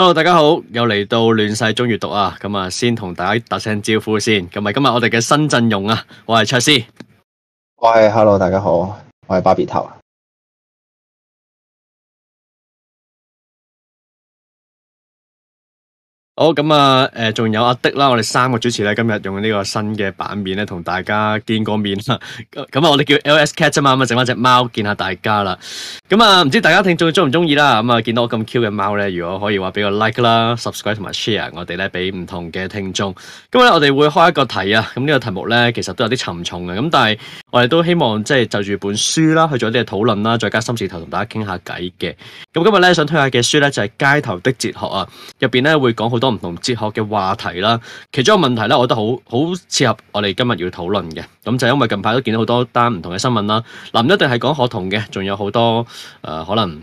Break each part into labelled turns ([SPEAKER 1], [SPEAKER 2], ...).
[SPEAKER 1] Hello，大家好，又嚟到亂世中閱讀啊，咁啊，先同大家打聲招呼先，咁啊，今日我哋嘅新陣容啊，我係卓師，
[SPEAKER 2] 我係 hello，
[SPEAKER 3] 大家好，我係巴比頭。
[SPEAKER 1] 好咁啊，誒、oh, 嗯，仲有阿迪啦，我哋三個主持咧，今日用呢個新嘅版面咧，同大家見過面啦。咁 啊、嗯，我哋叫 L.S.Cat 啫嘛，咁啊，整翻隻貓見下大家啦。咁、嗯、啊，唔知大家聽眾中唔中意啦。咁、嗯、啊，見到我咁 cute 嘅貓咧，如果可以話俾個 like 啦、subscribe 同埋 share，我哋咧俾唔同嘅聽眾。今日咧，我哋會開一個題啊。咁、嗯、呢、這個題目咧，其實都有啲沉重嘅。咁但係我哋都希望即係就住本書啦，去做啲嘅討論啦，再加心事頭同大家傾下偈嘅。咁、嗯、今日咧，想推介嘅書咧，就係、是《街頭的哲學》啊。入邊咧會講好多，唔同哲學嘅話題啦，其中一個問題咧，我覺得好好切合我哋今日要討論嘅，咁就因為近排都見到好多單唔同嘅新聞啦，嗱、啊、唔一定係講學童嘅，仲有好多誒、呃、可能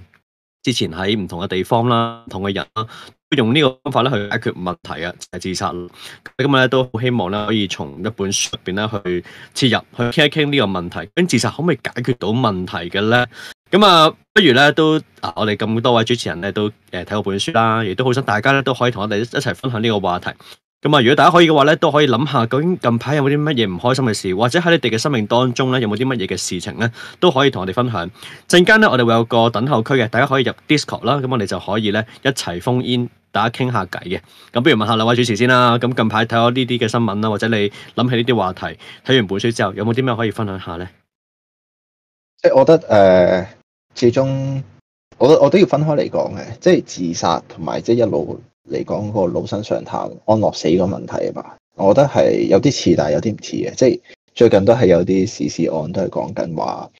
[SPEAKER 1] 之前喺唔同嘅地方啦、唔同嘅人啦，都用呢個方法咧去解決問題啊，就係、是、自殺。咁今日咧都好希望咧可以從一本書入邊咧去切入去傾一傾呢個問題，咁自殺可唔可以解決到問題嘅咧？咁啊，不如咧都啊，我哋咁多位主持人咧都誒，睇、呃、過本書啦，亦都好想大家咧都可以同我哋一齊分享呢個話題。咁啊，如果大家可以嘅話咧，都可以諗下，究竟近排有冇啲乜嘢唔開心嘅事，或者喺你哋嘅生命當中咧有冇啲乜嘢嘅事情咧，都可以同我哋分享。陣間咧，我哋會有個等候區嘅，大家可以入 Discord 啦，咁我哋就可以咧一齊 phone in，大家傾下偈嘅。咁不如問下兩位主持先啦。咁近排睇咗呢啲嘅新聞啦，或者你諗起呢啲話題，睇完本書之後有冇啲咩可以分享下咧？即
[SPEAKER 2] 係我覺得誒。呃最終，我我都要分開嚟講嘅，即係自殺同埋即係一路嚟講，個老生常談安樂死個問題啊嘛。我覺得係有啲似，但係有啲唔似嘅。即係最近都係有啲時事案都係講緊話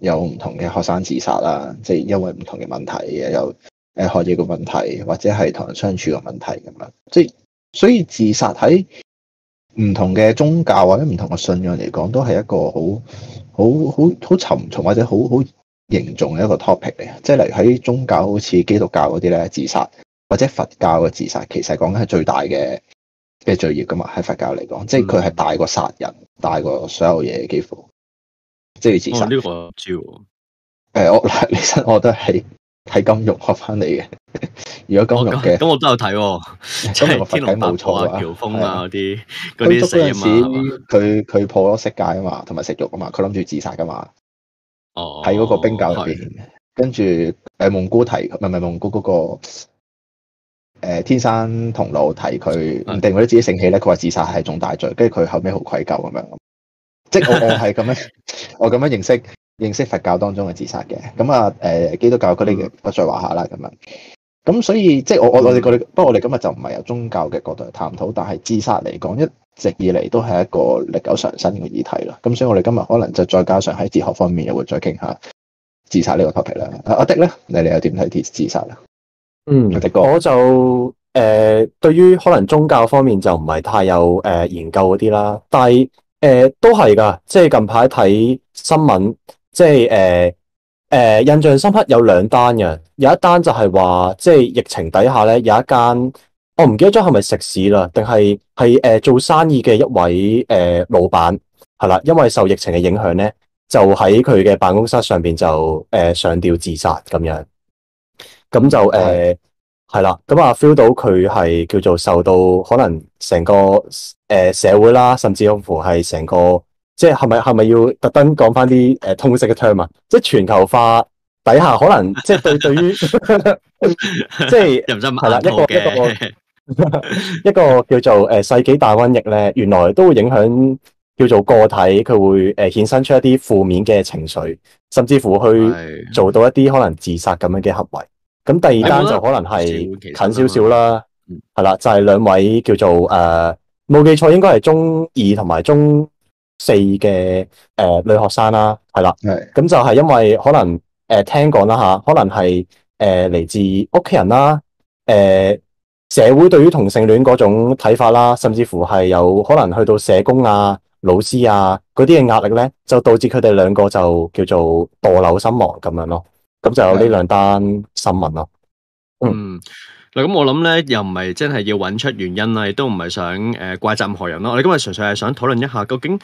[SPEAKER 2] 有唔同嘅學生自殺啦，即係因為唔同嘅問題嘅，有誒學業嘅問題，或者係同人相處嘅問題咁樣。即係所以自殺喺唔同嘅宗教或者唔同嘅信仰嚟講，都係一個好好好好沉重或者好好。嚴重嘅一個 topic 嚟啊，即係例如喺宗教好似基督教嗰啲咧自殺或者佛教嘅自殺，其實講緊係最大嘅嘅罪孽。噶嘛。喺佛教嚟講，即係佢係大過殺人，大過所有嘢，幾乎即係自殺。呢、
[SPEAKER 1] 哦這個
[SPEAKER 2] 知我知，誒我其實，我覺得係睇金庸學翻嚟嘅。 如果金庸嘅
[SPEAKER 1] 咁，哦、我都有睇、哦，即 係天龍八部啊、喬峰啊啲啲。佢嗰
[SPEAKER 2] 佢佢破咗色戒啊嘛，同埋食肉啊嘛，佢諗住自殺噶嘛。哦，喺嗰個冰窖入邊，跟住誒，蒙古提，唔係唔係蒙古嗰，那個誒，呃，天生同老提佢，唔的定佢都自己醒起咧。佢話自殺係重大罪，跟住佢後尾好愧疚咁樣。即係我我係咁樣， 我咁樣認識認識佛教當中嘅自殺嘅。咁啊，誒，呃，基督教佢呢個我再話下啦，咁樣，嗯。咁所以即係我我我哋不過我哋今日就唔係由宗教嘅角度去探討，但係自殺嚟講一。直以嚟都係一個歷久常新嘅議題啦，咁所以我哋今日可能就再加上喺哲學方面又會再傾下自殺呢個 topic 啦。阿迪咧，你哋又點睇自自殺啦？
[SPEAKER 4] 嗯，阿迪哥，我就誒、呃、對於可能宗教方面就唔係太有誒、呃、研究嗰啲啦，但係誒、呃、都係噶，即係近排睇新聞，即係誒誒印象深刻有兩單嘅，有一單就係話即係疫情底下咧有一間。我唔記得咗係咪食屎啦，定係係誒做生意嘅一位誒、呃、老闆係啦，因為受疫情嘅影響咧，就喺佢嘅辦公室上邊就誒、呃、上吊自殺咁樣，咁就誒係、呃、啦，咁啊 feel 到佢係叫做受到可能成個誒、呃、社會啦，甚至乎係成個、就是是是是是呃、即係係咪係咪要特登講翻啲誒通識嘅 term 啊？即係全球化底下可能即係對對於
[SPEAKER 1] 即係係啦，一個一個。
[SPEAKER 4] 一個叫做誒、呃、世紀大瘟疫咧，原來都會影響叫做個體，佢會誒、呃、衍生出一啲負面嘅情緒，甚至乎去做到一啲可能自殺咁樣嘅行為。咁第二單就可能係近少少啦，係、哎嗯、啦，就係、是、兩位叫做誒冇、呃、記錯，應該係中二同埋中四嘅誒、呃、女學生啦，係啦，咁是就係因為可能誒、呃、聽講啦吓，可能係誒嚟自屋企人啦，誒、呃。嗯。社會對於同性戀嗰種睇法啦，甚至乎係有可能去到社工啊、老師啊嗰啲嘅壓力咧，就導致佢哋兩個就叫做墮樓身亡咁樣咯。咁就有呢兩單新聞咯。嗯，
[SPEAKER 1] 嗱咁我諗咧，又唔係真係要揾出原因啦，亦都唔係想誒怪責任何人咯。我哋今日純粹係想討論一下，究竟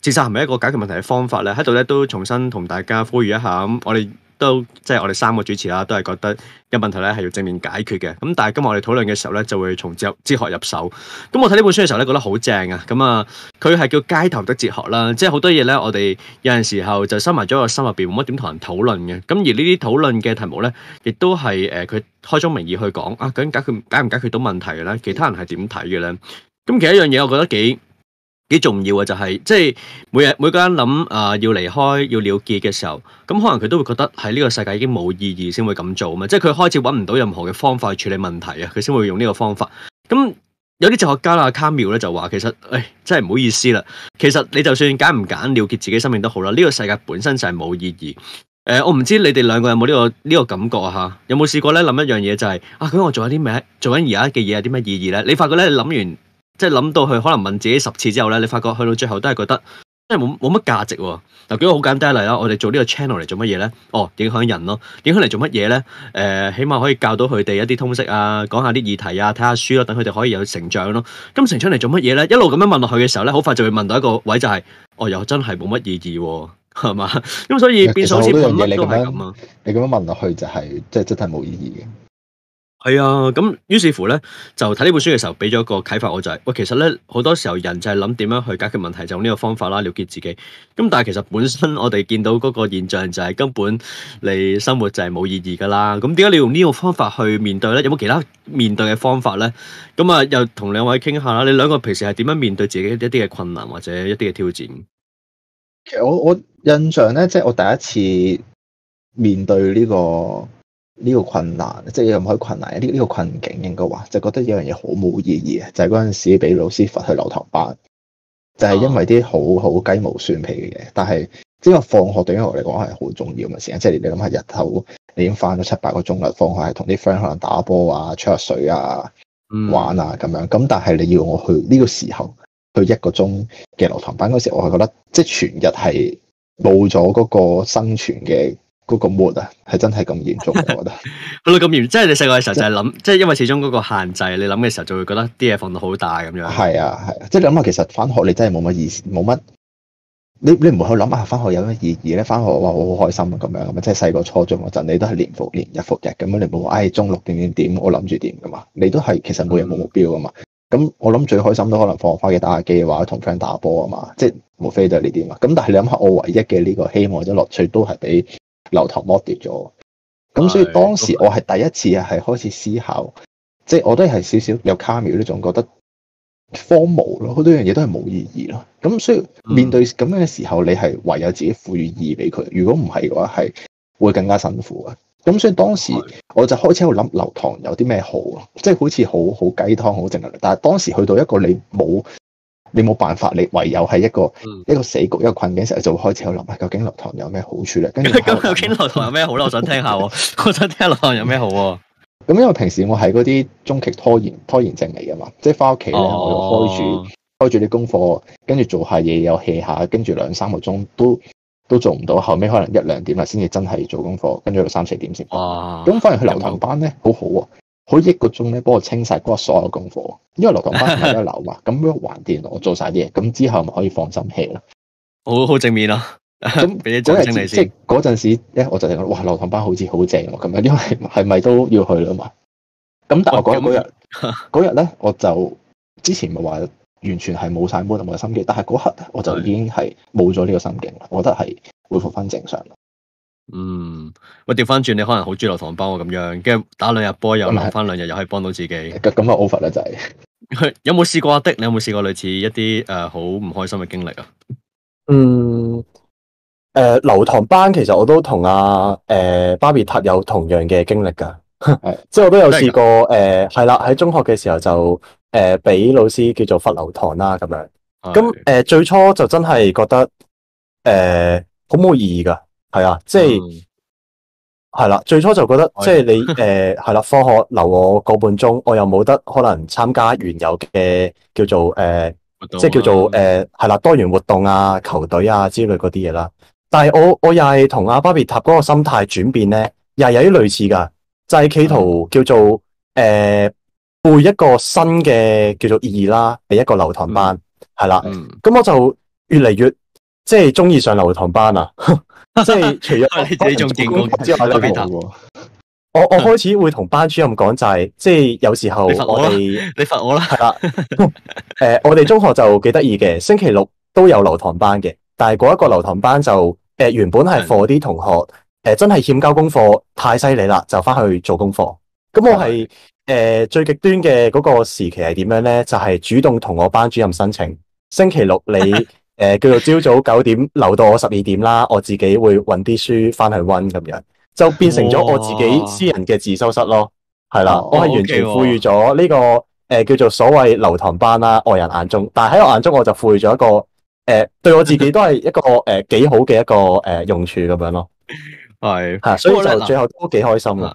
[SPEAKER 1] 自殺係咪一個解決問題嘅方法咧？喺度咧都重新同大家呼籲一下，咁我哋。都即係我哋三個主持啦，都係覺得有問題咧，係要正面解決嘅。咁但係今日我哋討論嘅時候咧，就會從哲哲學入手。咁我睇呢本書嘅時候咧，覺得好正啊。咁啊，佢係叫街頭的哲學啦，即係好多嘢咧。我哋有陣時候就收埋咗個心入邊，冇乜點同人討論嘅。咁而呢啲討論嘅題目咧，亦都係誒佢開宗明義去講啊，究竟解決解唔解決到問題嘅咧？其他人係點睇嘅咧？咁，其實一樣嘢，我覺得幾。幾重要嘅就係、是、即係每日每個人諗啊要離開要了結嘅時候，咁、嗯、可能佢都會覺得喺呢個世界已經冇意義，先會咁做啊嘛！即係佢開始揾唔到任何嘅方法去處理問題啊，佢先會用呢個方法。咁有啲哲學家啦，卡繆咧就話，其實誒真係唔好意思啦，其實你就算揀唔揀了結自己生命都好啦，呢、這個世界本身就係冇意義。誒、呃，我唔知你哋兩個有冇呢、這個呢、這個感覺吓、啊？有冇試過咧諗一樣嘢就係、是、啊，咁我做緊啲咩？做緊而家嘅嘢有啲乜意義呢？」你發覺咧諗完。即係諗到佢可能問自己十次之後咧，你發覺去到最後都係覺得即係冇冇乜價值喎、啊。嗱舉個好簡單例啦，我哋做，個頻道做呢個 channel 嚟做乜嘢咧？哦，影響人咯、啊，影響嚟做乜嘢咧？誒、呃，起碼可以教到佢哋一啲通識啊，講下啲議題啊，睇下書咯、啊，等佢哋可以有成長咯、啊。咁、嗯、成長嚟做乜嘢咧？一路咁樣問落去嘅時候咧，好快就會問到一個位就係、是，哦又真係冇乜意義喎、啊，係嘛？咁、嗯、所以變相先問乜都係咁啊。
[SPEAKER 2] 你咁樣問落去就係即係真係冇意義嘅。
[SPEAKER 1] 係啊，咁於是乎咧，就睇呢本書嘅時候俾咗個啟發，我就係喂，其實咧好多時候人就係諗點樣去解決問題，就用呢個方法啦，了結自己。咁但係其實本身我哋見到嗰個現象就係根本你生活就係冇意義噶啦。咁點解你用呢個方法去面對咧？有冇其他面對嘅方法咧？咁啊，又同兩位傾下啦。你兩個平時係點樣面對自己一啲嘅困難或者一啲嘅挑戰？
[SPEAKER 2] 其實我我印象咧，即係我第一次面對呢個。呢個困難，即係又唔可以困難呢呢、呢個困境應該話，就覺得有樣嘢好冇意義啊！就係嗰陣時俾老師罰去留堂班，就係、是、因為啲好好雞毛蒜皮嘅嘢。但係，因為放學對於我嚟講係好重要嘅時間，即係你諗下，日頭你已經返咗七八個鐘啦，放學係同啲 friend 可能打波啊、吹下水啊、玩啊咁樣。咁但係你要我去呢、呢個時候去一個鐘嘅留堂班嗰時，我係覺得即係全日係冇咗嗰個生存嘅，嗰個木啊， 係真係咁嚴重，我覺得。
[SPEAKER 1] 好啦，咁嚴，即係你細個嘅時候就係諗，真 即係因為始終嗰個限制，你諗嘅時候就會覺得啲嘢放到好大咁樣。係啊，
[SPEAKER 2] 係啊，即係你諗下，其實翻學你真係冇乜意思，冇乜。你你唔會去諗下翻學有乜意義咧？翻學話我好開心啊，咁樣咁即係細個初中嗰陣，你都係年復年日復日咁樣，你冇話，唉、哎，中六點點點，我諗住點噶嘛？你都係其實冇嘢冇目標噶嘛。咁、嗯、我諗最開心都可能放學翻去打下機啊，同 friend 打波啊嘛，即係無非都係呢啲嘛。咁但係你諗下，我唯一嘅呢個希望或者樂趣都係俾。流糖剝奪咗，咁所以當時我係第一次啊，係開始思考，即係的我都係少少有卡妙呢種覺得荒謬咯，好多樣嘢都係冇意義咯。咁所以面對咁樣嘅時候，嗯、你係唯有自己賦予意義俾佢。如果唔係嘅話，係會更加辛苦嘅。咁所以當時我就開始喺度諗流糖有啲咩好，即係好似好好雞湯好正能量。但係當時去到一個你冇。你冇辦法，你唯有係一個、嗯、一個死局一個困境嘅時候，就會開始有諗啊。究竟留堂有咩好處咧？咁 究
[SPEAKER 1] 竟留堂有咩好咧？ 我想聽下，我想聽留堂有咩好？咁、
[SPEAKER 2] 嗯、因為平時我係嗰啲中期拖延拖延症嚟噶嘛，即係翻屋企咧，哦、我又開住開住啲功課，跟住做下嘢又 hea 下，跟住兩三個鐘都都做唔到，後尾可能一兩點啦，先至真係做功課，跟住到三四點先。哇！咁、嗯嗯、反而去留堂班咧，好好啊。好一個鐘咧，幫我清晒嗰個所有功課，因為羅唐班喺一樓嘛，咁我橫掂，我做晒啲嘢，咁之後咪可以放心棄咯。
[SPEAKER 1] 好好正面咯，咁俾啲掌聲你先。即
[SPEAKER 2] 嗰陣時咧，我就覺得哇，羅唐班好似好正喎，咁樣，因為係咪都要去啦嘛？咁但係我嗰日嗰日咧，我就之前咪話完全係冇晒冇咁嘅心機，但係嗰刻我就已經係冇咗呢個心境啦，我覺得係恢復翻正常。Mandarin
[SPEAKER 1] 嗯，喂，調翻轉，你可能好中意留堂班哦，咁樣，跟住打兩日波，又留翻兩日，又可以幫到自己，
[SPEAKER 2] 咁咁啊 over 啦，就係
[SPEAKER 1] 有冇試過的？你有冇試過類似一啲誒好唔開心嘅經歷啊？嗯，誒、
[SPEAKER 2] 呃，留
[SPEAKER 4] 堂班其實我都同阿誒巴比塔有同樣嘅經歷噶， 即係我都有試過誒，係啦的，喺、呃、中學嘅時候就誒俾、呃、老師叫做罰留堂啦，咁樣，咁誒的、呃、最初就真係覺得誒、呃、好冇意義噶。係啊，即係係啦。最初就覺得、啊、即係你誒係啦，科學留我個半鐘，我又冇得可能參加原有嘅叫做誒、呃，即係叫做誒係啦，多元活動啊、球隊啊之類嗰啲嘢啦。但係我我又係同阿巴比塔嗰個心態轉變咧，又係有啲類似噶，就係、是、企圖叫做誒、呃、背一個新嘅叫做意義啦，係一個留堂班，係啦、嗯。咁我就越嚟越即係中意上留堂班啊。
[SPEAKER 1] 即係除咗你仲勁過之外，啊、
[SPEAKER 4] 我 我，我開始會同班主任講就係、是，即係有時候我哋
[SPEAKER 1] 你罰我啦，係啦們。
[SPEAKER 4] 誒、 嗯呃，我哋中學就幾得意嘅，星期六都有留堂班嘅，但係嗰一個留堂班就誒、呃、原本係課啲同學誒的、呃、真係欠交功課太犀利啦，就翻去做功課。咁我係誒的、呃、最極端嘅嗰個時期係點樣咧？就係、是、主動同我班主任申請星期六你。 誒、呃，叫做朝早九點留到我十二點啦，我自己會搵啲書翻去溫咁樣，就變成咗我自己私人嘅自修室咯，係啦哇，我係完全賦予咗呢個誒、呃、叫做所謂流堂班啦，外人眼中，但係喺我眼中我就賦予咗一個誒、呃、對我自己都係一個誒幾、 呃、好嘅一個誒用處咁樣咯，係，吓的，的所以我就最後都幾開心啦。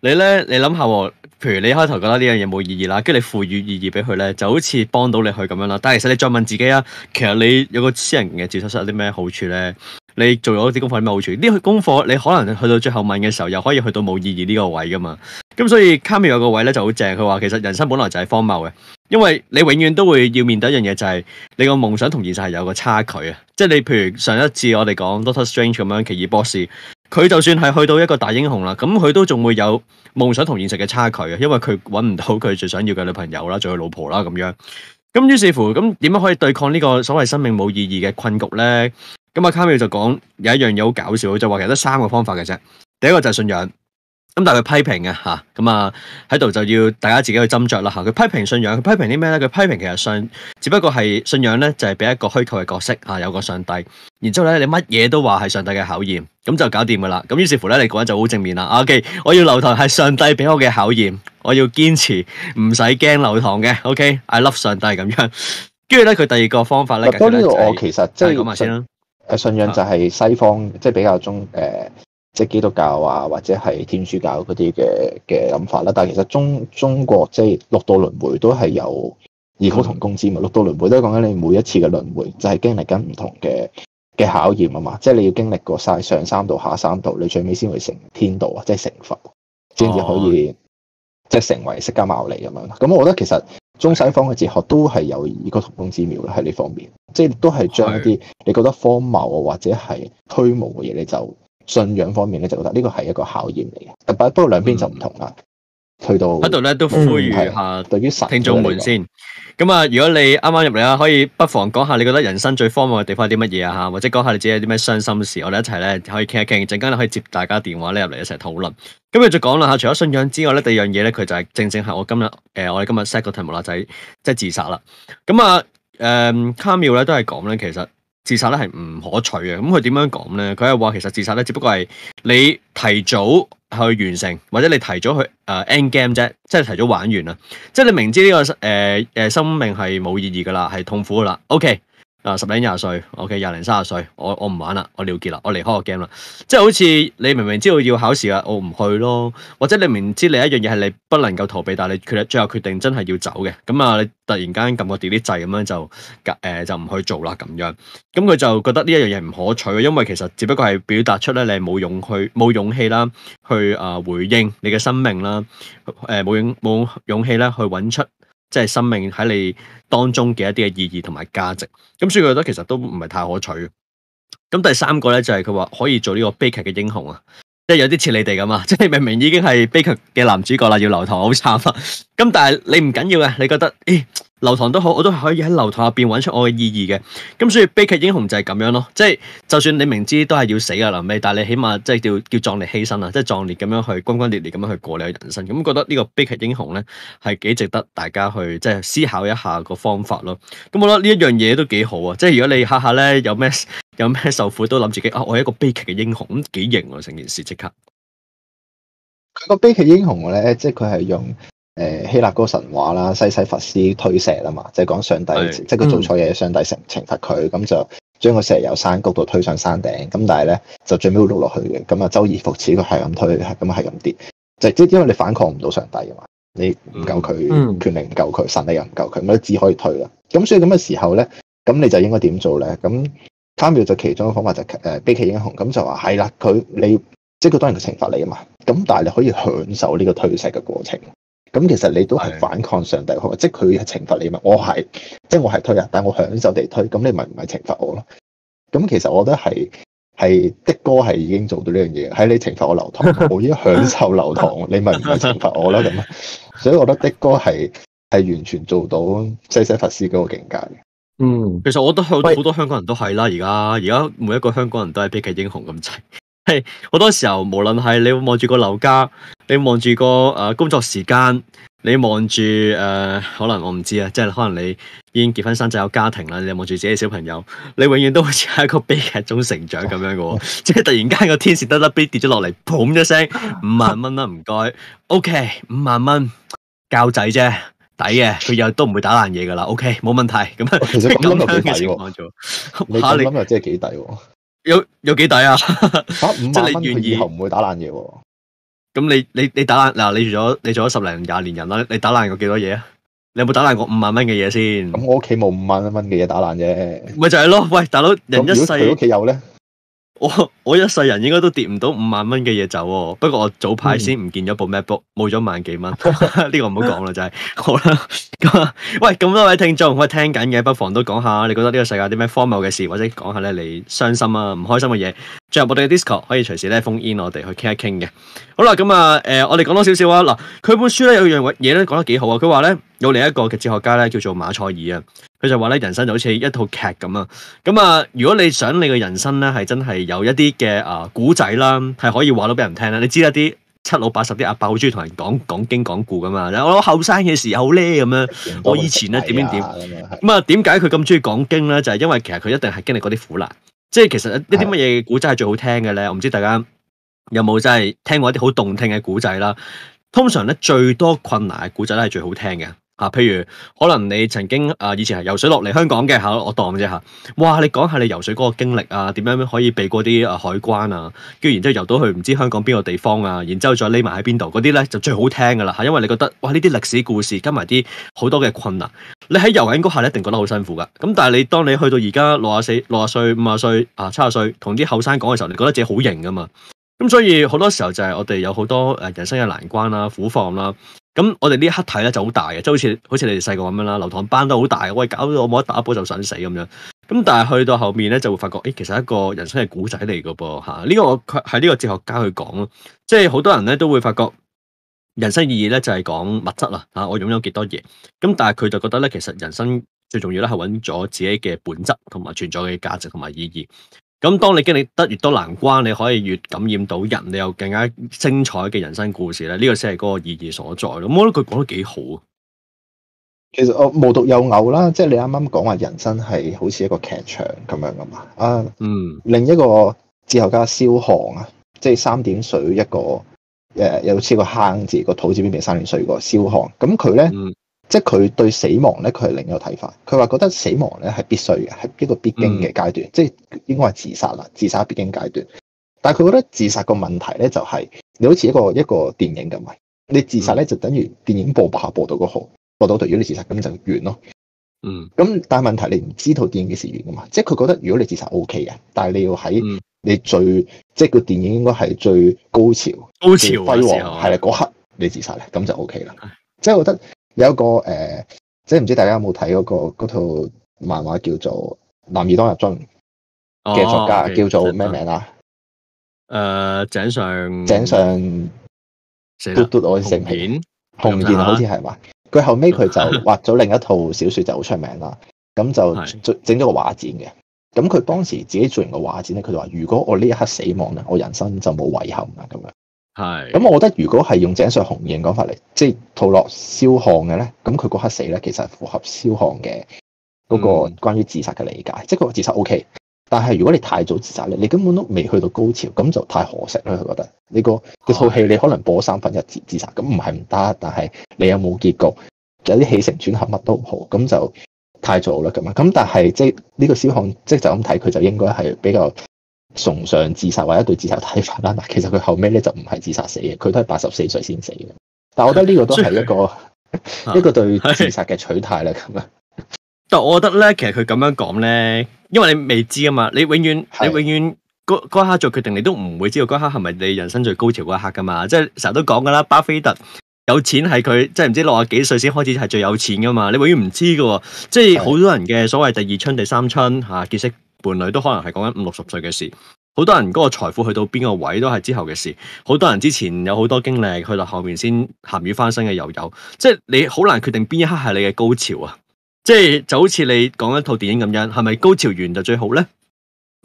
[SPEAKER 1] 你咧，你諗下我。譬如你一開頭覺得呢樣嘢冇意義啦，跟住你賦予意義俾佢咧，就好似幫到你去咁樣啦。但係其實你再問自己啊，其實你有個私人嘅自修室有啲咩好處咧？你做咗啲功課有咩好處？啲、這個、功課你可能去到最後問嘅時候，又可以去到冇意義呢個位噶嘛。咁所以卡繆有個位咧就好正，佢話其實人生本來就係荒謬嘅，因為你永遠都會要面對一樣嘢，就係、是、你個夢想同現實係有個差距啊。即、就、係、是、你譬如上一次我哋講 Doctor Strange 咁樣，奇異博士。佢就算係去到一個大英雄啦，咁佢都仲會有夢想同現實嘅差距嘅，因為佢揾唔到佢最想要嘅女朋友啦，做佢老婆啦咁樣。咁於是乎，咁點樣可以對抗呢個所謂生命冇意義嘅困局咧？咁阿卡繆就講有一樣嘢好搞笑，就話其實得三個方法嘅啫。第一個就係信仰。咁但係佢批評嘅吓，咁啊喺度就要大家自己去斟酌啦吓。佢、啊、批評信仰，佢批評啲咩咧？佢批評其實信只不過係信仰咧，就係、是、俾一個虛構嘅角色吓、啊，有個上帝，然之後咧你乜嘢都話係上帝嘅考驗，咁就搞掂噶啦。咁、啊、於是乎咧，你個人就好正面啦。啊、o、okay, K，我要留堂係上帝俾我嘅考驗，我要堅持，唔使驚留堂嘅。O、okay? K，I love 上帝咁樣。跟住咧，佢第二個方法咧，是就是、我呢其
[SPEAKER 2] 實即係咁啊先啦。信仰就係西方即係、就是、比較中誒。呃即係基督教啊，或者係天主教嗰啲嘅嘅諗法啦、啊。但係其實中中國即係六道輪迴都係有異曲同工之妙。嗯、六道輪迴都講緊你每一次嘅輪迴就係經歷緊唔同嘅嘅考驗啊嘛。即係你要經歷過晒上三道、下三道，你最尾先會成天道啊，即係成佛先至可以即係、哦、成為釋迦牟尼咁樣。咁我覺得其實中西方嘅哲學都係有異曲同工之妙啦。喺呢方面，即係都係將一啲是你覺得荒謬啊，或者係虛無嘅嘢，你就。信仰方面咧，就覺得呢個係一個考驗嚟嘅。不不過兩邊就唔同啦。
[SPEAKER 1] 去、嗯、到喺度咧，都呼籲下對於神嘅聽眾們先。咁啊、嗯，如果你啱啱入嚟啦，可以不妨講下你覺得人生最荒謬嘅地方係啲乜嘢啊？嚇，或者講下你自己有啲咩傷心事，我哋一齊咧可以傾一傾。陣間咧可以接大家電話咧入嚟一齊討論。咁又再講啦嚇，除咗信仰之外咧，第二樣嘢咧，佢就係正正係我今日誒、呃，我哋今日 set 個題目啦，就係即係自殺啦。咁啊誒，卡妙咧都係講咧，其實。自殺咧係唔可取嘅，咁佢點樣講咧？佢係話其實自殺咧，只不過係你提早去完成，或者你提早去誒、呃、end game 啫，即係提早玩完啦，即係你明知呢、呢個誒誒、呃、生命係冇意義噶啦，係痛苦噶啦。OK。啊，十零廿歲，OK，廿零三十歲，我我唔玩啦，我了結啦，我離開個 game 啦，即係好似你明明知道要考試啊，我唔去咯，或者你明明知你一樣嘢係你不能夠逃避，但係你決最後決定真係要走嘅，咁啊，你突然間撳個 delete 掣咁樣就誒、呃、就唔去做啦咁樣，咁佢就覺得呢一樣嘢唔可取，因為其實只不過係表達出咧你係冇勇去冇勇氣啦，氣去啊回應你嘅生命啦，誒冇勇冇勇氣啦，去揾出。即係生命喺你當中嘅一啲嘅意義同埋價值，咁所以佢覺得其實都唔係太可取。咁第三個咧就係佢話可以做呢個悲劇嘅英雄啊，即係有啲似你哋咁啊，即係明明已經係悲劇嘅男主角啦，要留堂好慘啊。咁但係你唔緊要啊，你覺得？哎流堂都好，我都可以喺流堂入邊揾出我嘅意義嘅。咁所以悲劇英雄就係咁樣咯，即係就算你明知都係要死嘅喇嘛，但係你起碼即係叫叫壯烈犧牲啊，即係壯烈咁樣去轟轟烈烈咁樣去過你嘅人生。咁覺得呢個悲劇英雄咧係幾值得大家去即係思考一下個方法咯。咁我覺得呢一樣嘢都幾好啊！即係如果你下下咧有咩有咩受苦都諗自己啊，我係一個悲劇嘅英雄，咁幾型啊成件事即刻。
[SPEAKER 2] 佢個悲劇英雄咧，即係佢係用。誒，希臘嗰個神話啦，西西弗斯推石啊嘛，就講、是、上帝即係佢做錯嘢， 上帝懲懲罰佢，咁就將個石由山谷度推上山頂，咁但係咧就最尾會碌落去嘅。咁啊周而復始佢係咁推，咁啊係咁跌，就即、是、係因為你反抗唔到上帝啊嘛，你唔夠佢 權力唔夠佢，神力又唔夠佢，咁只可以推啦。咁所以咁嘅時候咧，咁你就應該點做咧？咁卡繆就其中一個嘅方法就誒悲劇英雄，咁就話係啦，佢、嗯、你即係佢當然佢懲罰你啊嘛，咁但係你可以享受呢個推石嘅過程。咁其實你都係反抗上帝，的即係佢要懲罰你嘛？我係，即係我係推人，但我享受地推，咁你咪唔係懲罰我咯？咁其實我覺得係係的哥係已經做到呢樣嘢，喺你懲罰我留堂， 我已經享受留堂，你咪唔係懲罰我咯？咁，所以我覺得的哥係係完全做到西西弗斯嗰個境界。嗯，
[SPEAKER 1] 其實我覺得好多香港人都係啦，而家而家每一個香港人都係悲劇英雄咁滯。係好、hey，多時候，無論係你望住個樓價，你望住、那個誒、呃、工作時間，你望住誒、呃，可能我唔知啊，即係可能你已經結婚生仔有家庭啦，你望住自己嘅小朋友，你永遠都好似喺一個悲劇中成長咁樣嘅， 即係突然間個天線得得跌咗落嚟，嘭一聲五萬蚊啦，唔該，OK，五萬蚊教仔啫，抵嘅，佢又都唔會打爛嘢噶啦，OK，冇問題，咁樣咁樣嘅情況做， 你咁諗
[SPEAKER 2] 又真係幾抵。 你
[SPEAKER 1] 有有幾抵啊？即係你願意唔會打爛嘢喎。咁你你你打爛嗱，你做咗你做咗十零廿年人啦，你打爛過幾多嘢啊？你，你，你，爛你有冇打爛過五萬蚊嘅嘢先？咁我屋企冇五萬蚊嘅嘢打爛啫。咪就係咯，喂，大佬那麼 人一世。如果佢屋企有咧？我我一世人應該都跌唔到五萬蚊嘅嘢走喎、哦，不過我早排先唔見咗部 MacBook，冇咗、嗯、萬幾蚊，呢 個唔好講啦，就係、是、好啦。 喂，咁多位聽眾，我聽緊嘅，不妨都講下你覺得呢個世界有啲咩荒謬嘅事，或者講下咧你傷心啊、唔開心嘅嘢。進入我哋嘅 Discord 可以隨時咧 phone in 我哋去傾一傾嘅。好啦，咁啊，誒、呃，我哋講多少少啊。嗱，佢本書咧有樣嘢咧講得幾好啊。佢話咧有另一個嘅哲學家咧叫做馬賽爾啊。佢就話咧，人生就好似一套劇咁啊！咁啊，如果你想你嘅人生咧，係真係有一啲嘅啊古仔啦，係可以話到俾人聽咧。你知一啲七老八十啲阿伯好中意同人講講經講故噶嘛？我後生嘅時候咧，咁樣我以前咧點點點咁啊？點解佢咁中意講經咧？就係、是、因為其實佢一定係經歷過啲苦難。即係其實呢啲乜嘢古仔係最好聽嘅咧？的我唔知大家有冇真係聽過一啲好動聽嘅古仔啦？通常咧，最多困難嘅古仔咧係最好聽嘅。吓、啊，譬如可能你曾經誒、啊，以前係游水落嚟香港嘅吓，我當啫吓、啊。哇，你講下你游水嗰個經歷啊，點樣可以避過啲誒海關啊？跟住然之後游到去唔知香港邊個地方啊？然之後再匿埋喺邊度？嗰啲咧就最好聽噶啦吓，因為你覺得哇呢啲歷史故事加埋啲好多嘅困難，你喺游緊嗰下你一定覺得好辛苦噶。咁、啊、但係你當你去到而家六十四、六十歲、五十歲啊、七十歲，同啲後生講嘅時候，你覺得自己好型噶嘛？咁所以好多時候就係我哋有好多誒人生嘅難關啦、啊、苦況啦、啊。咁我哋呢一刻睇咧就，就好大嘅，即係好似好似你哋細個咁樣啦，留堂班都好大，喂，搞到我冇得打一波就想死咁樣。咁但係去到後面咧，就會發覺，誒、欸，其實一個人生嘅古仔嚟嘅噃吓，呢、啊這個我喺呢個哲學家去講咯，即係好多人咧都會發覺人生意義咧就係、是、講物質啦吓，我擁有幾多嘢，咁但係佢就覺得咧，其實人生最重要咧係揾咗自己嘅本質同埋存在嘅價值同埋意義。咁當你經歷得越多難關，你可以越感染到人，你有更加精彩嘅人生故事咧，呢、這個先係嗰個意義所在，咁我覺得佢講得幾好。
[SPEAKER 2] 其實我無獨有偶啦，即係你啱啱講話人生係好似一個劇場咁樣噶嘛。啊，嗯，另一個哲學家蕭沆啊，即係三點水一個，誒、呃，有似個坑字個土字邊，係三點水個蕭沆，咁佢咧。即係佢對死亡咧，佢係另有睇法。佢話覺得死亡咧係必須嘅，係一個必經嘅階段。嗯、即係應該係自殺啦，自殺必經階段。但係佢覺得自殺個問題咧、就係，就係你好似一個一個電影咁啊！你自殺咧就等於電影播播下播到個號，播到如果你自殺咁就完咯。嗯。咁但係問題你唔知道電影幾時完噶嘛？即係佢覺得如果你自殺 OK 嘅，但係你要喺你最、嗯、即係個電影應該係最高潮、高潮、輝煌係啦嗰刻你自殺咧，咁就 OK 啦。即我覺得。有一個誒、呃，即係唔知大家有冇睇嗰個嗰套漫畫叫做《男兒當入樽》嘅作家、哦、okay, 叫做咩名啊？
[SPEAKER 1] 誒、呃，井上井上嘟嘟，健我嘅成片紅岩好似係嘛？
[SPEAKER 2] 佢、呃、後尾佢就畫咗另一套小說就好出名啦。咁 就整咗個畫展嘅。咁佢當時自己做完個畫展咧，佢就話：如果我呢一刻死亡啦，我人生就冇遺憾啦，咁樣。係，咁、嗯、我覺得如果係用井上雄彥講法嚟，即係套落肖炕嘅咧，咁佢嗰刻死咧，其實係符合肖炕嘅嗰個關於自殺嘅理解。嗯、即係個自殺 OK，但係如果你太早自殺咧，你根本都未去到高潮，咁就太可惜啦。佢覺得呢個，呢個套戲你可能播三分一自自殺，咁唔係唔得，但係你有冇結局，有啲起承轉合乜都好，咁就太早啦。咁啊，咁但係即係呢個肖炕，即係就咁睇，佢就應該係比較。崇尚自殺或者對自殺睇法啦，其實佢後尾咧就唔係自殺死嘅，佢都係八十四歲先死嘅。但係我覺得呢個都係一個以 一個對自殺嘅取態啦，咁樣、
[SPEAKER 1] 啊。 但我覺得咧，其實佢咁樣講咧，因為你未知啊嘛，你永遠是你永遠嗰刻做決定，你都唔會知道嗰刻係咪你人生最高潮嗰一刻㗎嘛。即係成日都講㗎啦，巴菲特有錢係佢即係唔知六十幾歲先開始係最有錢㗎嘛。你永遠唔知㗎喎，即係好是多人嘅所謂第二春、第三春嚇、啊、結識，伴侶都可能係講緊五六十歲嘅事。好多人嗰個財富去到邊個位都係之後嘅事。好多人之前有好多經歷，去到後面先鹹魚翻身嘅又有，即係你好難決定邊一刻係你嘅高潮啊！即係就好似你講一套電影咁樣，係咪高潮完就最好咧？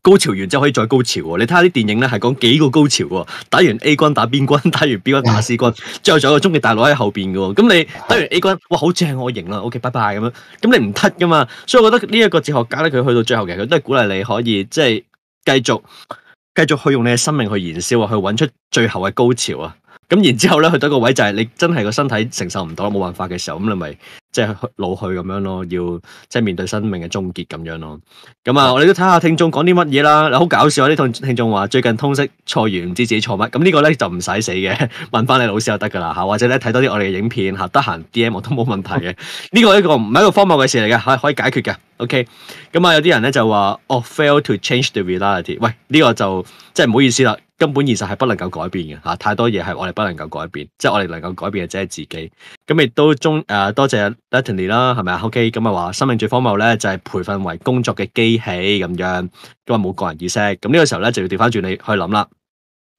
[SPEAKER 1] 高潮完之後可以再高潮喎、哦，你睇下啲電影咧係講幾個高潮喎、哦，打完 A 軍打 B 軍，打完 B 軍打 C 軍，最後仲有個終極大佬喺後邊嘅喎，咁你打完 A 軍，哇好正我型啦，OK，拜拜咁樣，咁你唔得 u 噶嘛，所以我覺得呢一個哲學家咧，佢去到最後嘅，佢都係鼓勵你可以即係、就是、繼續繼續去用你嘅生命去燃燒啊，去揾出最後嘅高潮啊，咁然之後咧去到一個位就係你真係個身體承受唔到冇辦法嘅時候，咁你咪。即係老去咁樣咯，要即係面對生命嘅終結咁樣咯。咁啊，我哋都睇下聽眾講啲乜嘢啦。嗱，好搞笑啊！呢聽聽眾話最近通識錯完，唔知自己錯乜。咁呢個咧就唔使死嘅，問翻你老師就得噶啦吓，或者咧睇多啲我哋嘅影片吓，得、啊、閒 DM 我都冇問題嘅。呢個 係一個唔係一個荒謬嘅事嚟嘅，可、啊、可以解決嘅。OK，咁啊，有啲人咧就話 I、oh, fail to change the reality。喂，呢、這個就即係唔好意思啦，根本現實係不能夠改變嘅吓、啊，太多嘢係我哋不能夠改變，即、就、係、是、我哋能夠改變嘅即係自己。咁亦都中誒、呃、多謝 Latinia 啦，係咪啊？OK，咁啊話生命最荒謬呢就係、是、培訓為工作嘅機器咁樣，咁啊冇個人意識。咁呢個時候呢，就要掉返轉你去諗啦。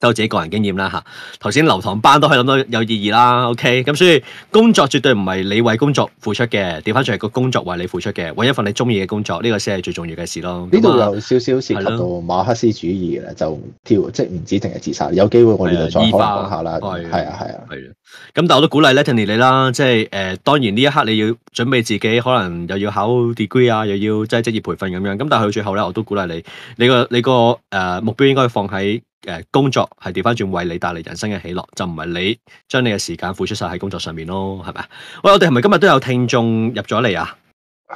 [SPEAKER 1] 都有自己個人經驗啦吓，頭先留堂班都可以諗到有意義啦。OK，咁所以工作絕對唔係你為工作付出嘅，調翻轉嚟個工作為你付出嘅。揾一份你中意嘅工作，呢、這個先係最重要嘅事咯。呢度有
[SPEAKER 2] 少少事涉及到馬克思主義啦，的就即係唔止淨係自殺，有機會我哋就再化下啦。係啊係啊
[SPEAKER 1] 係啊。咁但係我都鼓勵 Latony 你啦，即係誒、呃，當然呢一刻你要準備自己，可能又要考 degree 啊，又要即係職業培訓咁樣。咁但係佢最後咧，我都鼓勵你，你個你個誒、呃、目標應該放喺工作係調翻轉為你帶嚟，人生嘅喜樂，就唔係你將你嘅時間付出晒喺工作上面咯，係咪啊？喂，我哋係咪今日都有聽眾入咗嚟啊？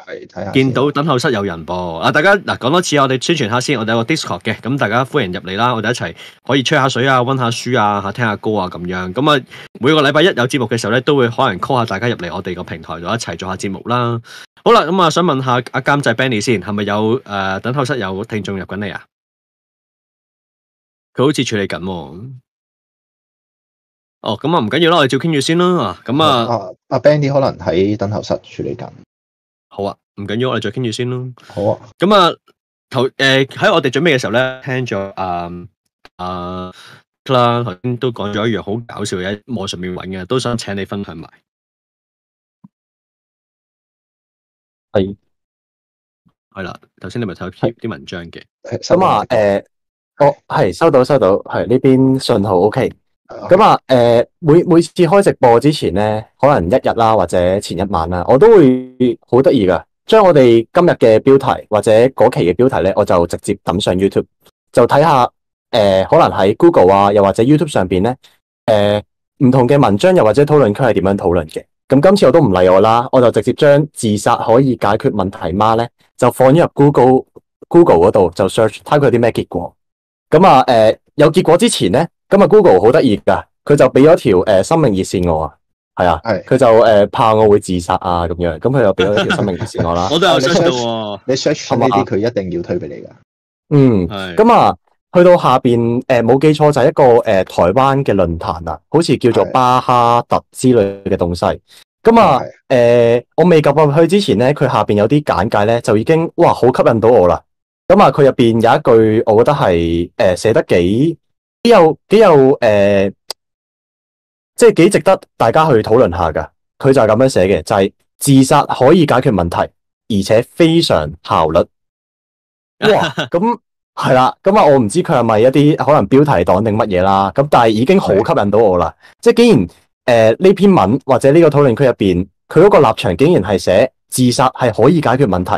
[SPEAKER 5] 係，睇
[SPEAKER 1] 下見到等候室有人噃啊！大家嗱，講多次我哋宣傳下先，我哋有個 Discord 嘅，咁大家歡迎入嚟啦，我哋一齊可以吹下水啊、溫下書啊、吓聽下歌啊咁樣。咁啊，每個禮拜一有節目嘅時候咧，都會可能 call 下大家入嚟我哋個平台度一齊做一下節目啦。好啦，咁、嗯、啊，想問下阿監製 Benny 先，係咪有誒、呃、等候室有聽眾入緊嚟啊？佢好似處理緊喎、哦。哦，咁啊，唔緊要啦，我哋照傾住先啦。咁啊，
[SPEAKER 2] 阿 Bandy 可能喺等候室處理緊。
[SPEAKER 1] 好啊，唔緊要，我哋再傾住先咯。好啊。咁啊，頭誒喺、呃、我哋準備嘅時候咧，聽咗啊。啊 Clara，頭先都講咗一樣好搞笑嘅喺網上面揾嘅，都想請你分享埋。
[SPEAKER 3] 係是。
[SPEAKER 1] 係啦，頭先你咪睇咗篇啲文章嘅。
[SPEAKER 4] 咁啊。誒、嗯。我係收到收到，係呢邊信號 O、OK、K。咁啊，誒、呃、每每次開直播之前咧，可能一日啦，或者前一晚啦，我都會好得意噶，將我哋今日嘅標題或者嗰期嘅標題咧，我就直接抌上 YouTube，就睇下誒、呃，可能喺 Google 啊，又或者 YouTube 上邊咧，誒、呃、唔同嘅文章又或者討論區係點樣討論嘅。咁今次我都唔例外啦，我就直接將自殺可以解決問題嗎咧，就放咗入 Google Google 嗰度就 search，睇佢有啲咩結果。咁啊，誒、呃，有結果之前咧，咁、嗯、啊，Google 好得意噶，佢就俾咗條誒生命熱線我啊，係啊，佢的就誒、呃、怕我會自殺啊咁樣，咁佢又俾咗一條生命熱線我啦。 我都有收到
[SPEAKER 1] 你。你
[SPEAKER 2] search 呢啲，佢一定要推俾你噶。
[SPEAKER 4] 嗯，咁的、嗯、啊，去到下邊誒冇記錯就係、一個誒、呃、台灣嘅論壇啊，好似叫做巴哈特之類嘅東西。咁啊，誒的、嗯呃，我未及入去之前咧，佢下邊有啲簡介咧，就已經嘩哇好吸引到我啦。咁啊！佢入邊有一句，我覺得係誒寫得幾幾有幾有誒，即係幾值得大家去討論下噶。佢就係咁樣寫嘅，就係、是、自殺可以解決問題，而且非常效率。哇、哦！咁係啦，咁啊，我唔知佢係咪一啲可能標題黨定乜嘢啦。咁但係已經好吸引到我啦。即係竟然誒呢、呃、篇文或者呢個討論區入邊，佢嗰個立場竟然係寫自殺係可以解決問題，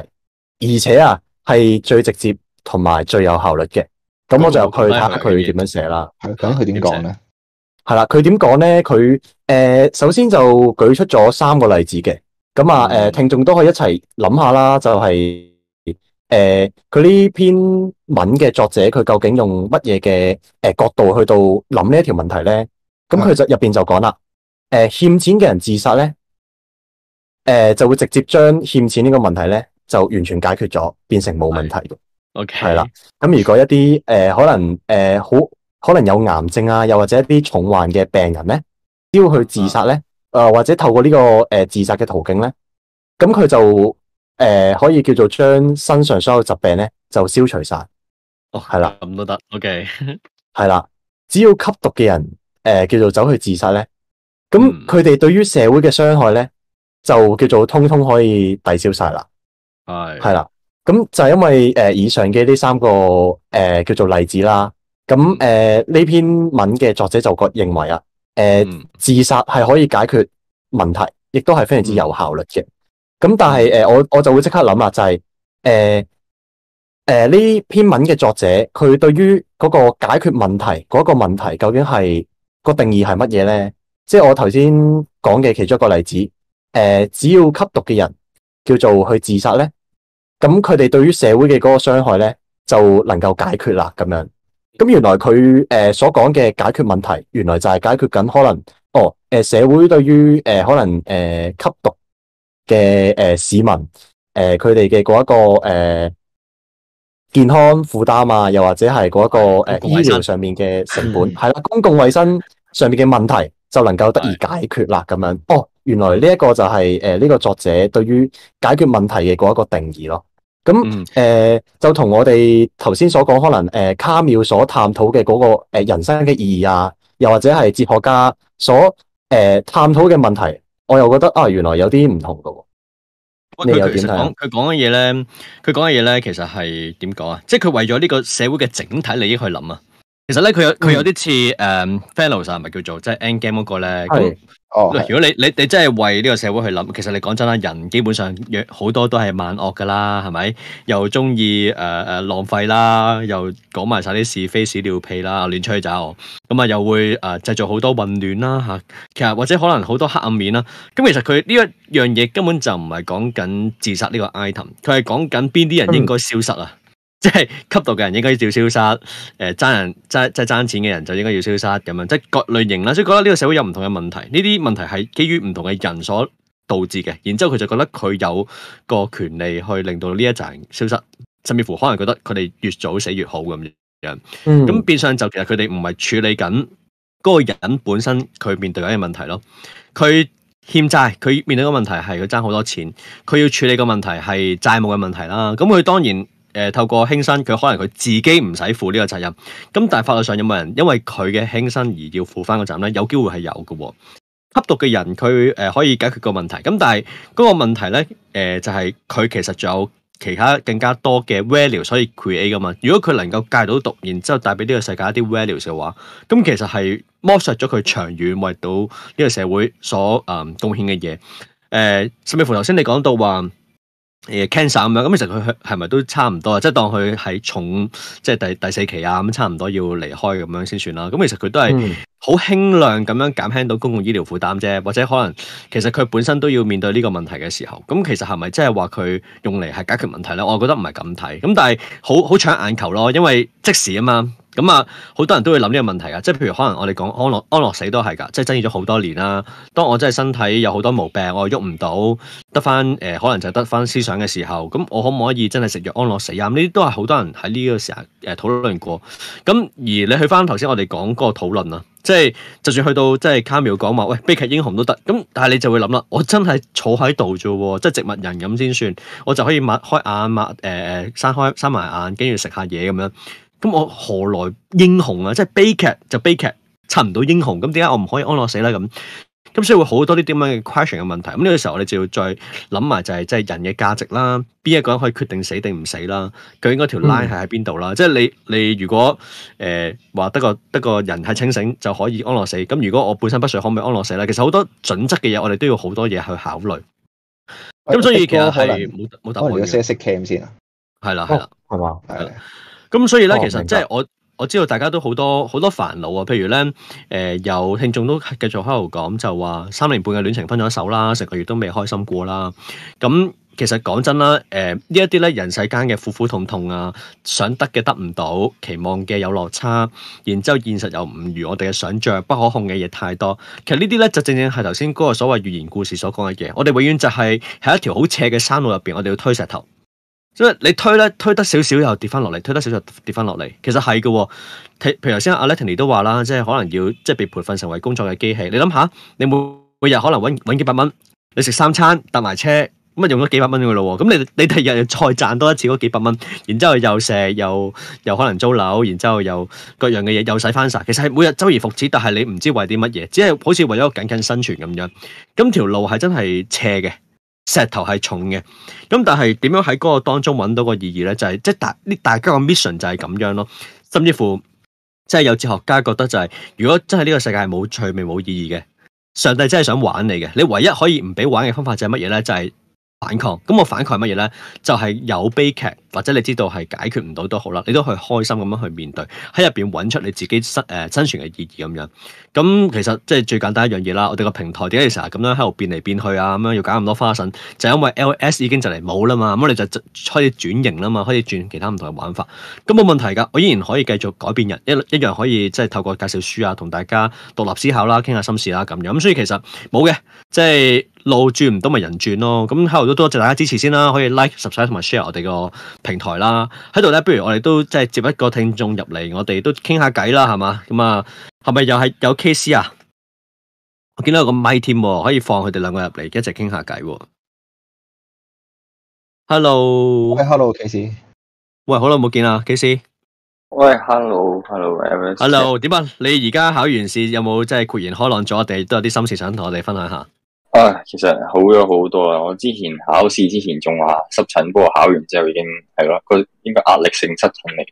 [SPEAKER 4] 而且啊～係最直接同埋最有效率嘅，咁我就入去睇下佢點樣寫啦。咁佢點講咧？係啦，佢點講咧？佢誒、呃，首先就舉出咗三個例子嘅。咁啊，誒、呃，聽眾都可以一齊諗下啦。就係、是、誒，佢、呃、呢篇文嘅作者，佢究竟用乜嘢嘅誒角度去到諗呢一條問題咧？咁佢就入邊就講啦。誒、呃，欠錢嘅人自殺咧，誒、呃，就會直接將欠錢呢個問題咧。就完全解決咗，變成冇問題嘅。OK，係啦。咁如果一啲誒、呃、可能誒好、呃、可能有癌症啊，又或者一啲重患嘅病人咧，只要去自殺咧，誒、uh. 呃、或者透過呢、這個誒、呃、自殺嘅途徑咧，咁佢就誒、呃、可以叫做將身上所有疾病咧就消除晒。哦、oh, 的，係啦，
[SPEAKER 1] 咁都得。OK，
[SPEAKER 4] 係啦，只要吸毒嘅人誒、呃、叫做走去自殺咧，咁佢哋對於社會嘅傷害咧就叫做通通可以抵消晒啦。係係啦，咁就係因為誒、呃、以上嘅呢三個誒、呃、叫做例子啦，咁誒呢篇文嘅作者就覺認為啊，誒、呃嗯、自殺係可以解決問題，亦都係非常之有效率嘅。咁但係誒、呃、我我就會即刻諗啊、就是，就係誒誒呢篇文嘅作者，佢對於嗰個解決問題嗰一、那個問題，究竟係、那個定義係乜嘢咧？即係我頭先講嘅其中一個例子，誒、呃、只要吸毒嘅人。叫做去自殺咧，咁佢哋對於社會嘅嗰個傷害咧，就能夠解決啦咁樣。咁原來佢誒、呃、所講嘅解決問題，原來就係解決緊可能哦誒、呃、社會對於誒、呃、可能誒、呃、吸毒嘅誒市民誒佢哋嘅嗰一個誒、呃、健康負擔啊，又或者係嗰一個誒、呃、醫療上面嘅成本，係啦，公共衛生上面嘅問題，就能夠得以解決啦咁樣。哦。原來呢一個就係誒呢個作者對於解決問題嘅嗰一個定義咯，咁誒、呃、就同我哋頭先所講，可能誒、呃、卡妙所探討嘅嗰、嗰個誒、呃、人生嘅意義啊，又或者係哲學家所誒、呃、探討嘅問題，我又覺得啊原來有啲唔同噶。喂，佢其實你又點睇，講
[SPEAKER 1] 佢講嘅嘢咧，佢講嘅嘢咧其實係點講啊？即係佢為咗呢個社會嘅整體利益去諗啊！其實咧，佢、嗯、有佢有啲似誒，Thanos 啊，唔、um，叫做即係 Endgame 嗰個咧。哦、如果你是的 你你，你真係為呢個社會去諗，其實你講真啦，人基本上好多都係萬惡噶啦，係咪？又中意誒誒浪費啦，又講埋晒啲是非屎尿屁啦，亂吹就咁啊，又會誒、呃、製造好多混亂啦吓。其實或者可能好多黑暗面啦。咁其實佢呢一樣嘢根本就唔係講緊自殺呢個 item，佢係講緊邊啲人應該消失啊。即係吸毒嘅人應該要消失，誒、呃、爭人爭即係爭錢嘅人就應該要消失咁樣，即係各類型啦。所以覺得呢個社會有唔同嘅問題，呢啲問題係基於唔同嘅人所導致嘅。然之後佢就覺得佢有個權利去令到呢一陣人消失，甚至乎可能覺得佢哋越早死越好咁樣。咁、嗯、變相就其實佢哋唔係處理緊嗰個人本身佢面對緊嘅問題咯。佢欠債，佢面對嘅問題係佢爭好多錢，佢要處理嘅問題係債務嘅問題啦。咁佢當然。誒，透過輕生，佢可能佢自己唔使負呢個責任。咁但係法律上有冇人因為佢嘅輕生而要負翻個責任咧？有機會係有嘅、哦。吸毒嘅人佢誒、呃、可以解決個問題。咁但係嗰個問題咧誒、呃、就係、是、佢其實仲有其他更加多嘅 value，所以 create 噶嘛。如果佢能夠戒到毒，然之後帶俾呢個世界一啲 value 嘅話，咁其實係剝削咗佢長遠為到呢個社會所誒、嗯、貢獻嘅嘢。誒、呃，甚至乎頭先你講到話。cancer 咁樣，咁、呃、其實佢係咪都差唔多啊？即係當佢喺重，即係第第四期啊，咁差唔多要離開咁樣先算啦。咁其實佢都係好輕量咁樣減輕到公共醫療負擔啫，或者可能其實佢本身都要面對呢個問題嘅時候，咁其實係咪即係話佢用嚟係解決問題咧？我覺得唔係咁睇，咁但係好好搶眼球咯，因為即使啊嘛。咁啊，好多人都會諗呢個問題啊，即係譬如可能我哋講安樂安樂死都係㗎，即係爭議咗好多年啦，啊。當我真係身體有好多毛病，我喐唔到，得返誒，可能就得返思想嘅時候，咁我可唔可以真係食藥安樂死啊？呢、嗯、啲都係好多人喺呢個時候誒討論過。咁而你去返頭先我哋講嗰個討論啊，即係就算去到即係卡繆講話，喂悲劇英雄都得，咁但係你就會諗啦，我真係坐喺度啫喎，即係植物人咁先算，我就可以擘開眼擘誒誒，閂開閂埋眼，跟住食下嘢咁樣。咁我何來英雄啊？即係悲劇就悲劇，尋唔到英雄。咁點解我唔可以安樂死咧？咁咁所以會好多啲咁樣嘅 question 嘅問題。咁呢個時候我哋就要再諗埋就係即係人嘅價值啦。邊一個人可以決定死定唔死啦？佢應該條 line 係喺邊度啦？即係你你如果誒話得個得個人係清醒就可以安樂死。咁如果我半身不遂，可唔可以安樂死咧？其實好多準則嘅嘢我哋都要好多嘢去考慮。咁所以其實係冇冇答我
[SPEAKER 2] 先啊？係啦
[SPEAKER 1] 係啦係嘛係。咁所以咧，哦、其實即係我我知道大家都好多好多煩惱啊、哦。譬如咧，誒有聽眾都繼續喺度講，就話三年半嘅戀情分咗手啦，成個月都未開心過啦。咁、嗯、其實講真啦，誒呢一啲咧，人世間嘅苦苦痛痛啊，想得嘅得唔到，期望嘅有落差，然之後現實又唔如我哋嘅想像，不可控嘅嘢太多。其實呢啲咧就正正係頭先嗰個所謂寓言故事所講嘅嘢。我哋永遠就係喺一條好斜嘅山路入邊，我哋要推石頭。所以你推咧，推得少少又跌翻落嚟，推得少少跌翻落嚟。其實係嘅、哦，譬如頭先阿 Letiany 都話啦，即係可能要即係被培訓成為工作嘅機器。你諗下，你每每日可能搵搵幾百蚊，你食三餐搭埋車，咁啊用咗幾百蚊嘅咯喎。咁你你第二日又再賺多一次嗰幾百蚊，然之後又食又又可能租樓，然之後又各樣嘅嘢又使翻晒。其實係每日周而復始，但係你唔知為啲乜嘢，只係好似為咗僅僅生存咁樣。咁條路係真係斜嘅。石頭係重嘅，咁但係點樣喺嗰個當中揾到個意義咧？就係即係大呢大家嘅 mission 就係咁樣咯。甚至乎即係有哲學家覺得就係，如果真係呢個世界係冇趣味冇意義嘅，上帝真係想玩你嘅。你唯一可以唔俾玩嘅方法就係乜嘢咧？就係。反抗咁，我反抗係乜嘢咧？就係、是、有悲劇，或者你知道係解決唔到都好啦，你都去開心咁樣去面對，喺入邊揾出你自己生誒生存嘅意義咁樣。咁其實即係最簡單一樣嘢啦。我哋個平台點解成日咁樣喺度變嚟變去啊？咁樣要搞咁多花神，就是、因為 L S 已經就嚟冇啦嘛。咁你就開始轉型啦嘛，可以轉其他唔同嘅玩法，咁冇問題噶。我依然可以繼續改變人，一一樣可以即係透過介紹書啊，同大家獨立思考啦、啊，傾下心事啦、啊、咁樣。咁所以其實冇嘅，即係。路轉唔到咪人轉咯，咁喺度都多謝大家支持先啦，可以 like、subscribe 同埋 share 我哋個平台啦。喺度咧，不如我哋都即係接一個聽眾入嚟，我哋都傾下偈啦，係嘛？咁啊，係咪又係有，有 case 啊？我見到有個麥添喎，可以放佢哋兩個入嚟一齊傾下偈喎。Hello，喂，Hello，Case，喂，好耐冇見啦，Case。喂，Hey，Hello，Hello，Everyone，Hello，點啊？你而家考完試有冇即係豁然開朗咗？我哋都有啲心事想同我哋分享下？
[SPEAKER 5] 啊，其實好咗好多啦。我之前考試之前仲話濕疹，不過考完之後已經係咯，個應該壓力性濕疹嚟。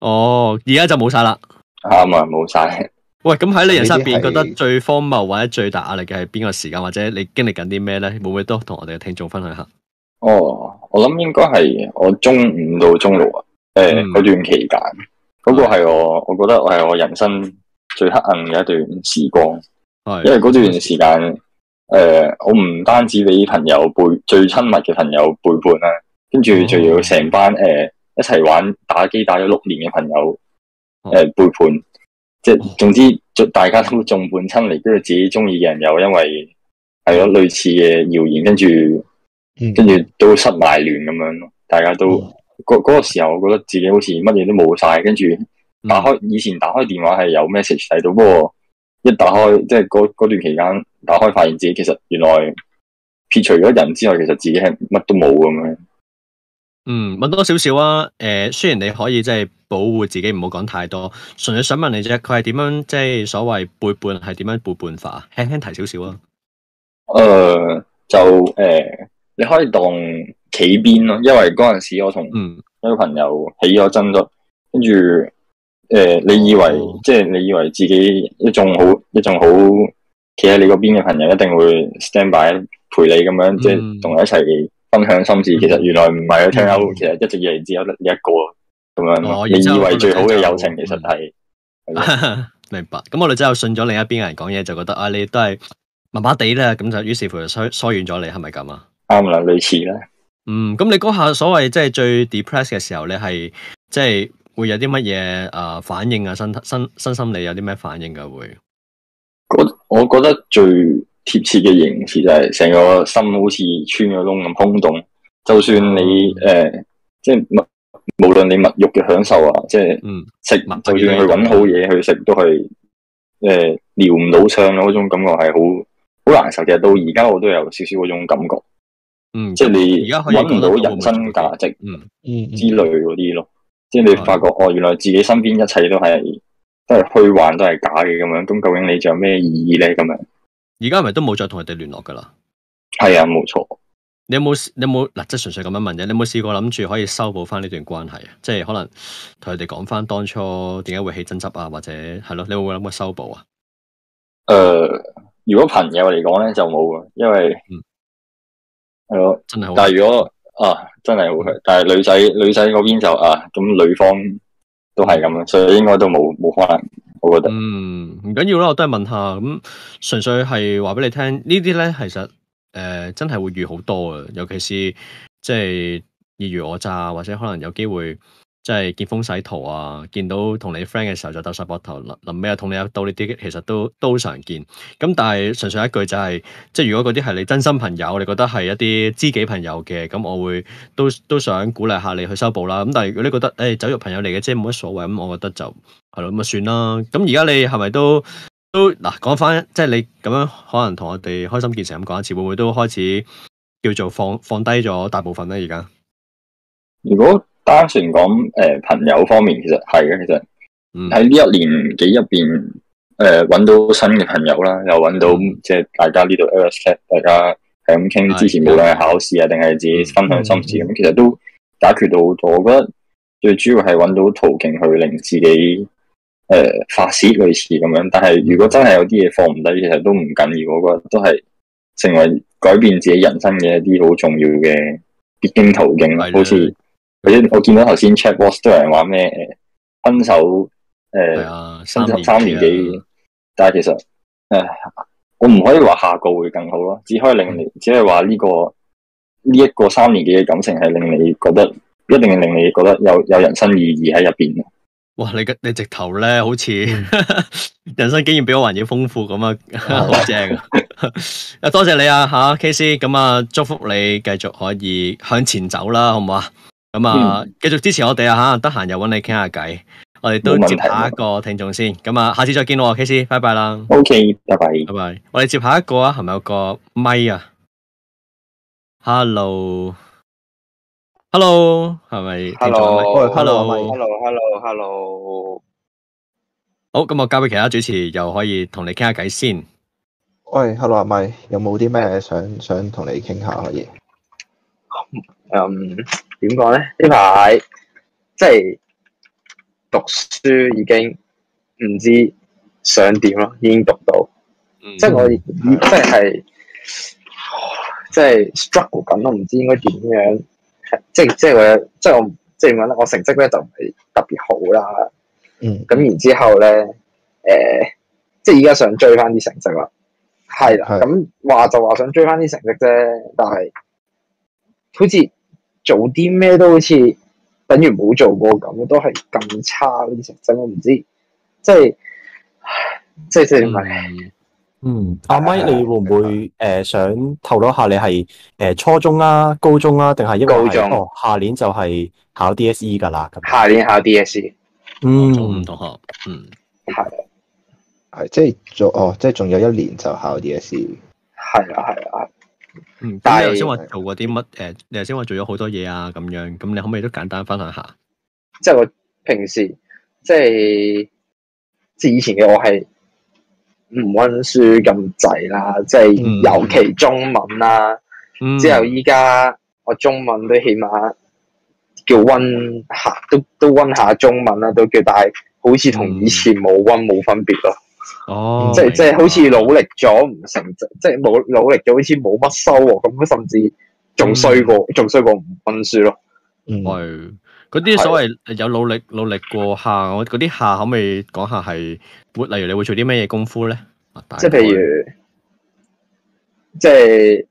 [SPEAKER 1] 哦，而家就冇晒啦，啱啊，冇晒。喂，咁喺你人生入邊，覺得最荒謬或者最大壓力嘅係邊個時間，或者你經歷緊啲咩咧？會唔會都同我哋嘅聽眾分享下？
[SPEAKER 5] 哦，我諗應該係我中五到中六啊，誒、呃、嗰、嗯、段期間嗰、嗰個係我，我覺得我係我人生最黑暗嘅一段時光，係的因為嗰段時間。誒、呃，我唔單止俾朋友背，最親密嘅朋友背叛啦，跟住仲要成班誒、呃、一齊玩打機打咗六年嘅朋友誒、呃、背叛，即係總之，就大家都眾叛親離，跟住自己中意嘅人又因為係咗類似嘅謠言，跟住跟住都失埋亂咁樣咯。大家都嗰嗰個時候，我覺得自己好似乜嘢都冇晒，跟住打開以前打開電話係有 message 睇到，不過。即係打開，即係嗰段期間打開，發現自己其實原來撇除咗人之外，其實自己係乜都冇咁樣。
[SPEAKER 1] 嗯，問多少少啊？誒、呃，雖然你可以即係保護自己，唔好講太多，純粹想問你啫。佢係點樣即係所謂背叛？係點樣背叛法？輕輕提少少啊。誒、
[SPEAKER 5] 呃，就誒、呃，你可以當企邊咯，因為嗰陣時我同嗯一個朋友起咗爭執，跟住。誒、呃，你以為即係你以為自己一種好一種好企喺你個邊嘅朋友，一定會 stand by 陪你咁樣，即係同你一齊分享心事。嗯、其實原來唔係啊，聽友其實一直以嚟只有得你一個咁樣。哦、以你以為最好嘅友情其實係、
[SPEAKER 1] 哦、明白。咁我哋之後信咗另一邊嘅人講嘢，就覺得啊，你都係麻麻地啦，咁就於是乎疏疏遠咗你，係咪咁啊？
[SPEAKER 5] 啱啦，類似啦。嗯，
[SPEAKER 1] 咁你嗰下所謂即係最 depressed 嘅時候你係即係。即會有啲乜嘢誒反應啊？身身身心理有啲咩反應噶？會
[SPEAKER 5] 我我覺得最貼切嘅形容就係成個心好似穿個窿咁空洞。就算你誒、嗯呃，即係無論你物欲嘅享受啊，即係食物，嗯、就算去搵好嘢去食，都係誒撩唔到傷嘅。嗰種感覺係好好難受。其實到而家我都有少少嗰種感覺。嗯，即係你搵唔到人生價值嗯，嗯嗯之類嗰啲咯。嗯即係你發覺哦，原來自己身邊一切都係都係虛幻，都係假嘅咁樣。咁究竟你仲有咩意義咧？咁樣
[SPEAKER 1] 而家係咪都冇再同佢哋聯絡噶啦？係啊，冇錯。你有冇你有冇嗱？即係純粹咁樣問啫。你有冇試過諗住可以修補翻，呢段關係啊？即係可能同佢哋講翻當初點解會起爭執啊？或者係咯，你會唔會諗過修補啊？
[SPEAKER 5] 誒、呃，如果朋友嚟講咧就冇啊，因為誒、嗯、係咯真係好但係。啊，真係會去，但係女仔女仔嗰邊就啊，咁女方都係咁啦，所以應該都冇冇可能，我覺得。
[SPEAKER 1] 嗯，唔緊要啦，我都係問下，咁純粹係話俾你聽，呢啲咧其實誒、呃、真係會遇好多嘅，尤其是即係易如我咋，或者可能有機會。即係見風使舵啊！見到同你 friend 嘅時候就鬥晒膊頭，臨臨尾又同你又鬥呢啲，其實都都常見。咁但係純粹一句就係、是，即係如果嗰啲係你真心朋友，你覺得係一啲知己朋友嘅，咁我會都都想鼓勵下你去修補啦。咁但係如果你覺得誒酒、欸、肉朋友嚟嘅，即係冇乜所謂，咁我覺得就係咯咁啊算啦。咁而家你係咪都都嗱講翻，即係你咁樣可能同我哋開心見誠。咁講一次，會唔會都開始叫做放放低咗大部分咧？而家
[SPEAKER 5] 如果？單純講誒朋友方面，其實係嘅。其實喺呢一年幾入邊，誒、呃、揾到新嘅朋友啦，又揾到、嗯、即係大家呢度 e r s c a p 大家係咁傾。之前無論係考試啊，定係、啊、自己分享心事咁、啊，嗯嗯、其實都解決到好多。我覺得最主要係揾到途徑去令自己誒、呃、發洩，類似咁樣。但係如果真係有啲嘢放唔低，其實都唔緊要。我覺得都係成為改變自己人生嘅一啲好重要嘅必經途徑咯，的好似。我見到頭先 check WhatsApp 都係話咩分手誒、呃啊，三年、啊、三年幾，但係其實誒，我唔可以話下個會更好咯，只可以令你、嗯、只係話呢個呢一、這個三年幾嘅感情係令你覺得一定令你覺得有有人生意義喺入邊
[SPEAKER 1] 哇！你你直頭咧，好似 人生經驗比我還嘢豐富咁啊， 好正啊！ 多謝你啊吓 KC 咁啊，祝福你繼續可以向前走啦，好唔好啊？咁啊，繼、嗯嗯、續支持我哋啊吓，得閒又揾你傾下偈。我哋都接下一個聽眾先。咁啊，下次再見咯，KC，拜拜啦。OK，
[SPEAKER 5] 拜拜，拜拜。
[SPEAKER 1] 我哋接下一個啊，係咪有個咪啊？Hello，Hello，係咪聽眾麥
[SPEAKER 3] ？Hello，Hello，Hello，Hello，Hello。
[SPEAKER 2] 好，咁我交俾
[SPEAKER 1] 其他主持，又可以同你傾下偈先。
[SPEAKER 2] 喂，Hello 阿咪，有冇啲咩想想同你傾下可以
[SPEAKER 1] ？Um, 點講咧？呢排
[SPEAKER 3] 即係讀書已經唔知想點咯，已經讀到，即係我，即係即係 struggle 緊都唔知應該點樣，即係即係我，即係我，即係點講咧？我成績咧就唔係特別好啦。咁然之後咧，誒，即係而家想追翻啲成績啦。係啦。咁話就話想追翻啲成績啫，但係好似。做啲咩都好似等於冇做過咁，都係咁差咁成績，我唔知，即係即係即係問，哎、嗯，
[SPEAKER 4] 阿、啊、Mike 你會唔會誒、呃、想透露下你係誒初中啦、啊、高中啦定係因為下中哦下年就係考
[SPEAKER 2] DSE 噶啦咁。
[SPEAKER 3] 下年考 DSE，
[SPEAKER 2] 嗯，
[SPEAKER 4] 同學，
[SPEAKER 3] 嗯，
[SPEAKER 2] 係是，係即係做，哦、嗯啊，即係仲有一年就考 DSE，係啊，係啊。啊嗯，但係是頭先話
[SPEAKER 1] 做過啲乜？誒、呃，頭先話做咗好多嘢啊，咁樣，咁你可唔可以都簡單分享下？
[SPEAKER 3] 即係我平時，即係即係以前嘅我係唔溫書咁滯啦，即係尤其中文啦。嗯、之後依家我中文都起碼叫溫下、嗯，都都溫下中文啦，都叫，但係好似同以前冇溫冇分別咯。哦，即係即係好似努力咗唔成，即係冇努力咗，好似冇乜收喎。咁甚至仲衰過，仲衰過唔溫書咯。嗯，係
[SPEAKER 1] 嗰啲所謂有努力努力過下，我嗰啲下可唔可以講下係？例如你會做啲咩嘢功夫咧？
[SPEAKER 3] 即係譬如，即係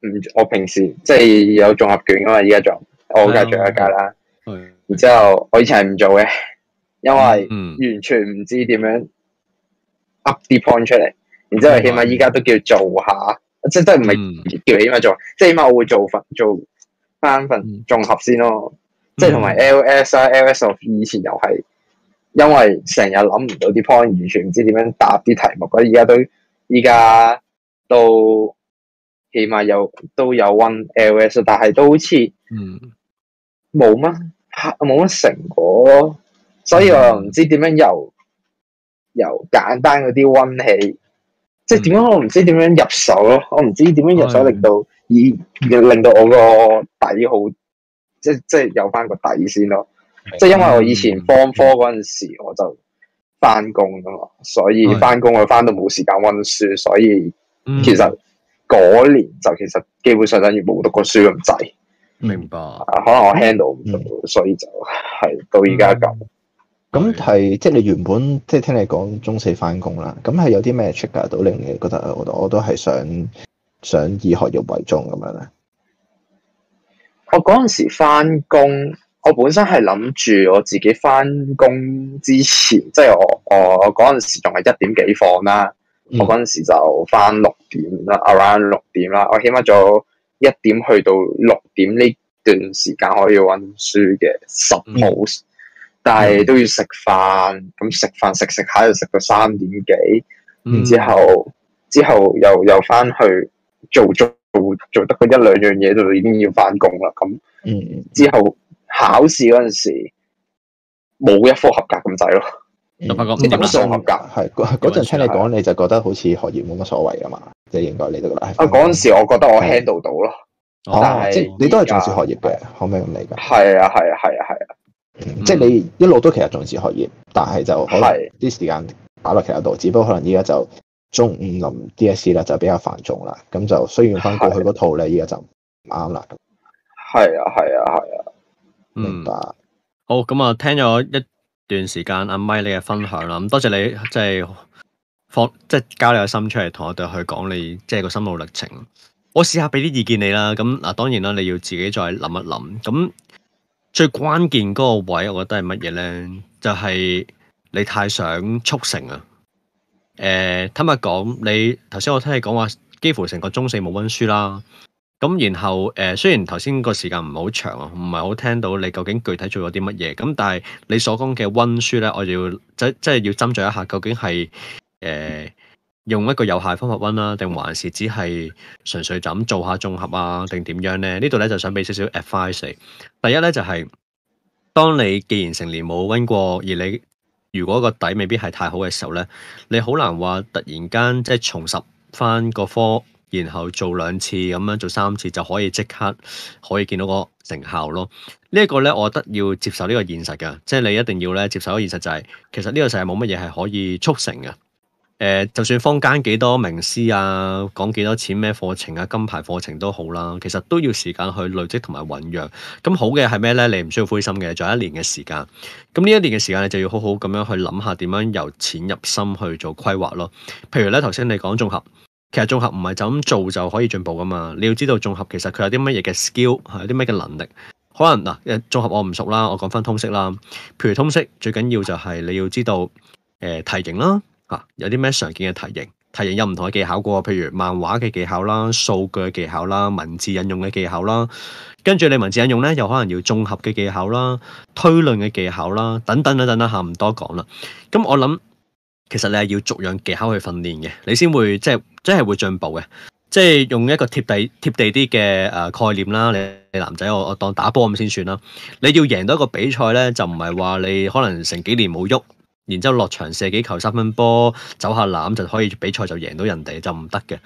[SPEAKER 3] 唔我平時即係、即係、有綜合卷噶嘛？依家做，我而家做一屆啦。係。然之後我以前係唔做嘅，因為完全唔知點樣。up 啲 point 出嚟，Yeah. 然之後起碼依家都叫做下，Yeah. 即係真係唔係叫起碼做，即係、mm. 起碼我會做份做翻份綜合先咯，mm. 即係同埋 LS 啊、mm.，LS 我以前又係因為成日諗唔到啲 point，完全唔知點樣答啲題目，而家都依家都起碼有都有 one LS，但係都好似冇乜冇乜成果咯，mm. 所以我又唔知點樣由。由簡單嗰啲温起，即係點樣我唔知點樣入手咯？我唔知點樣入手，令到、嗯、的以令到我個底好，即係即係有翻個底先咯。即係的因為我以前 form four 嗰陣時，的我就翻工啊嘛，所以翻工我翻到冇時間温書，所以其實嗰年就其實基本上等於冇讀過書咁滯。明白。可能我 handle 唔到，嗯、所以就係到而家咁。嗯
[SPEAKER 2] 咁係即係你原本即係聽你講中四翻工啦，咁係有啲咩 trigger 到令你覺得我我都係想想以學業為重咁樣咧？
[SPEAKER 3] 我嗰陣時翻工，我本身係諗住我自己翻工之前，即係我我我嗰時仲係一點幾放啦，嗯、我嗰陣時就翻六點啦，around 六點啦，我起碼早一點去到六點呢段時間可以温書嘅十號。但係都要食飯，咁食飯食食下就食到三點幾，然之後之後又又翻去做做做得嗰一兩樣嘢，就已經要翻工啦。咁之後考試嗰陣時冇一科合格咁滯咯，
[SPEAKER 2] 你係冇雙合格。係嗰陣聽你講，你就覺得好似學業冇乜所謂啊嘛，即係應該嚟到個。嗰陣時我覺得我 handle 到咯，哦，即你都係重視學業嘅，可唔可以咁理解？係啊，係啊，係啊，係啊。嗯、即係你一路都其實重視學業，但係就可能啲時間擺落其他度，的只不過可能依家就中五臨 DSE 啦，就比較繁重啦，咁就需要翻過去嗰套咧，依家的就唔啱啦。
[SPEAKER 1] 係啊，係啊，係啊，明白的。的好，咁啊，我聽咗一段時間阿咪你嘅分享啦，咁多謝你即係放即係交你個心出嚟，同我哋去講你即係個心路歷程。我試下俾啲意見你啦，咁嗱，當然啦，你要自己再諗一諗咁。最關鍵嗰個位，我覺得係乜嘢咧？就係、是、你太想速成啊！誒、呃，坦白講，你頭先我聽你講話，幾乎成個中四冇温書啦。咁然後誒、呃，雖然頭先個時間唔係好長啊，唔係好聽到你究竟具體做咗啲乜嘢。咁但係你所講嘅温書咧，我就要即即係要斟酌一下，究竟係誒。呃嗯用一個有效方法溫啦，定還是只係純粹就咁做下綜合啊？定點樣咧？呢度咧就想俾少少 advice。第一咧就係、是，當你既然成年冇溫過，而你如果個底未必係太好嘅時候咧，你好難話突然間即係重拾翻個科，然後做兩次咁樣做三次就可以即刻可以見到個成效咯。這個、呢一個咧，我覺得要接受呢個現實噶，即係你一定要咧接受個現實就係、是，其實呢個世界冇乜嘢係可以速成噶。誒、呃，就算坊間幾多名師啊，講幾多錢咩課程啊，金牌課程都好啦，其實都要時間去累積同埋醖釀。咁好嘅係咩咧？你唔需要灰心嘅，仲有一年嘅時間。咁呢一年嘅時間，你就要好好咁樣去諗下點樣由淺入深去做規劃咯。譬如咧，頭先你講綜合，其實綜合唔係就咁做就可以進步噶嘛。你要知道綜合其實佢有啲乜嘢嘅 skill，有啲乜嘅能力。可能嗱誒、啊、綜合我唔熟啦，我講翻通識啦。譬如通識最緊要就係你要知道誒題型啦。啊，有啲咩常見嘅題型？題型有唔同嘅技巧噶，譬如漫畫嘅技巧啦、數據嘅技巧啦、文字引用嘅技巧啦，跟住你文字引用咧，又可能要綜合嘅技巧啦、推論嘅技巧啦，等等等等啦嚇，唔多講啦。咁我諗，其實你係要逐樣技巧去訓練嘅，你先會即係即係會進步嘅。即係用一個貼地貼地啲嘅誒概念啦，你男仔我我當打波咁先算啦。你要贏到一個比賽咧，就唔係話你可能成幾年冇喐。然之後落場射幾球三分波，走下籃就可以比賽就贏到人哋就唔得嘅。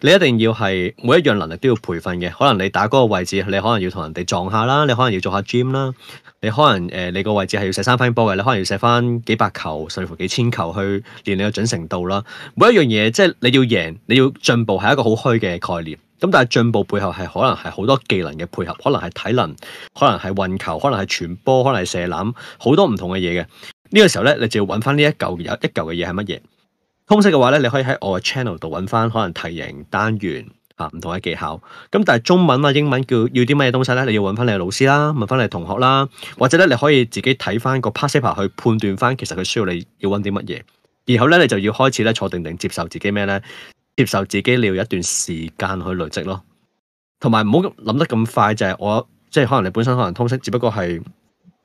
[SPEAKER 1] 你一定要係每一樣能力都要培訓嘅。可能你打嗰個位置，你可能要同人哋撞下啦，你可能要做下 gym 啦，你可能誒、呃、你個位置係要射三分波嘅，你可能要射翻幾百球，甚至乎幾千球去練你嘅準程度啦。每一樣嘢即係你要贏，你要進步係一個好虛嘅概念。咁但係進步背後係可能係好多技能嘅配合，可能係體能，可能係運球，可能係傳波，可能係射籃，好多唔同嘅嘢嘅。呢個時候咧，你就要揾翻呢一嚿有一嚿嘅嘢係乜嘢？通識嘅話咧，你可以喺我嘅 channel 度揾翻可能題型單元啊唔同嘅技巧。咁但係中文啊英文叫要啲乜嘢東西咧？你要揾翻你嘅老師啦，問翻你同學啦，或者咧你可以自己睇翻個 past paper 去判斷翻其實佢需要你要揾啲乜嘢。然後咧你就要開始咧坐定定接受自己咩咧？接受自己你要一段時間去累積咯。同埋唔好諗得咁快就係我即係可能你本身可能通識只不過係。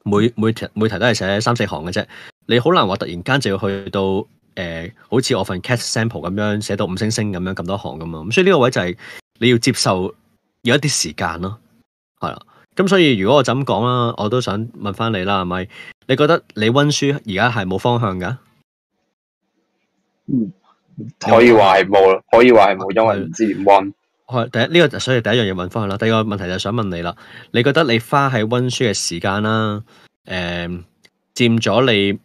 [SPEAKER 1] 每每題，每題都係寫三四行嘅啫，你好難話突然間就要去到誒、呃，好似我份 cat sample 咁樣寫到五星星咁樣咁多行咁嘛。咁所以呢個位就係你要接受有一啲時間咯，係啦。咁所以如果我就咁講啦，我都想問翻你啦，係咪？你覺得你温書而家係冇方向㗎？嗯，有有可，可以話係冇，可以話係冇，嗯、因為
[SPEAKER 3] 唔知點温。嗯
[SPEAKER 1] 第一呢個所以第一樣嘢問翻佢啦。第二個問題就想問你啦，你覺得你花喺温書嘅時間啦，誒、呃，佔咗你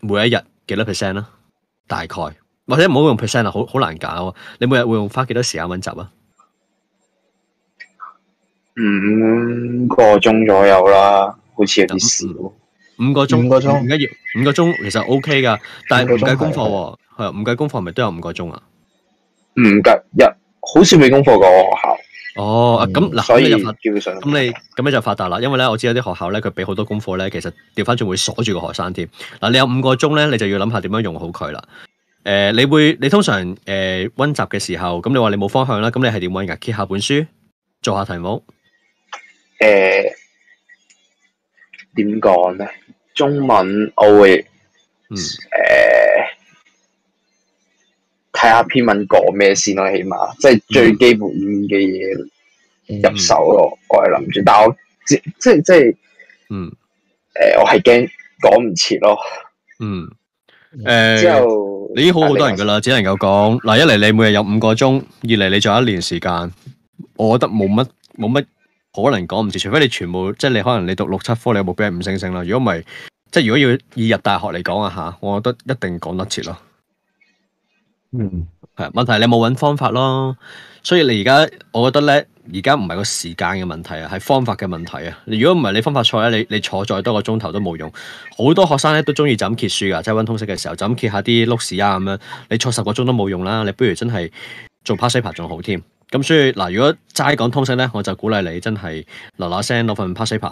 [SPEAKER 1] 每一日幾多 percent 啦？大概或者唔好用 percent 啊，好好難搞。你每日會用花幾多時間温習啊？五
[SPEAKER 3] 個鐘左右啦，好似有啲
[SPEAKER 1] 少、嗯。五個鐘五個鐘唔緊要，五個鐘其實 OK 噶，但係唔計功課喎。係唔計功課係咪都有五個鐘啊？唔
[SPEAKER 3] 得、嗯、一。好似未功課過個學
[SPEAKER 1] 校哦，咁嗱、嗯啊、所以咁、就是、你咁你就發達啦，因為咧我知有啲學校咧佢俾好多功課咧，其實調翻轉會鎖住個學生添。嗱、啊，你有五個鐘咧，你就要諗下點樣用好佢啦。誒、呃，你會你通常誒溫、呃、習嘅時候，咁你話你冇方向啦，咁你係點溫噶？揭下本書，做下題目。
[SPEAKER 3] 誒、呃，點講咧？中文我會誒。嗯睇下篇文講咩先咯，起碼即係最基本嘅嘢入手咯。嗯、我係諗住，但我即即即係嗯誒、呃，我係驚講唔切咯。
[SPEAKER 1] 嗯誒之後、嗯，你已經好好多人噶啦，是只能夠講嗱、嗯。一嚟你每日有五個鐘，二嚟你仲有一年時間。我覺得冇乜冇乜可能講唔切，除非你全部即係你可能你讀六七科，你目標係五星星啦。如果唔係，即係如果要以入大學嚟講啊嚇，我覺得一定講得切咯。嗯，係問題你冇搵方法咯，所以你而家我覺得咧，而家唔係個時間嘅問題啊，係方法嘅問題啊。如果唔係你方法錯咧，你你坐再多個鐘頭都冇用。好多學生咧都中意就咁揭書噶，即係溫通識嘅時候就咁揭下啲碌史啊咁樣，你坐十個鐘都冇用啦。你不如真係做 past p a p 仲好添。咁所以嗱，如果齋講通識咧，我就鼓勵你真係嗱嗱聲攞份 past p a p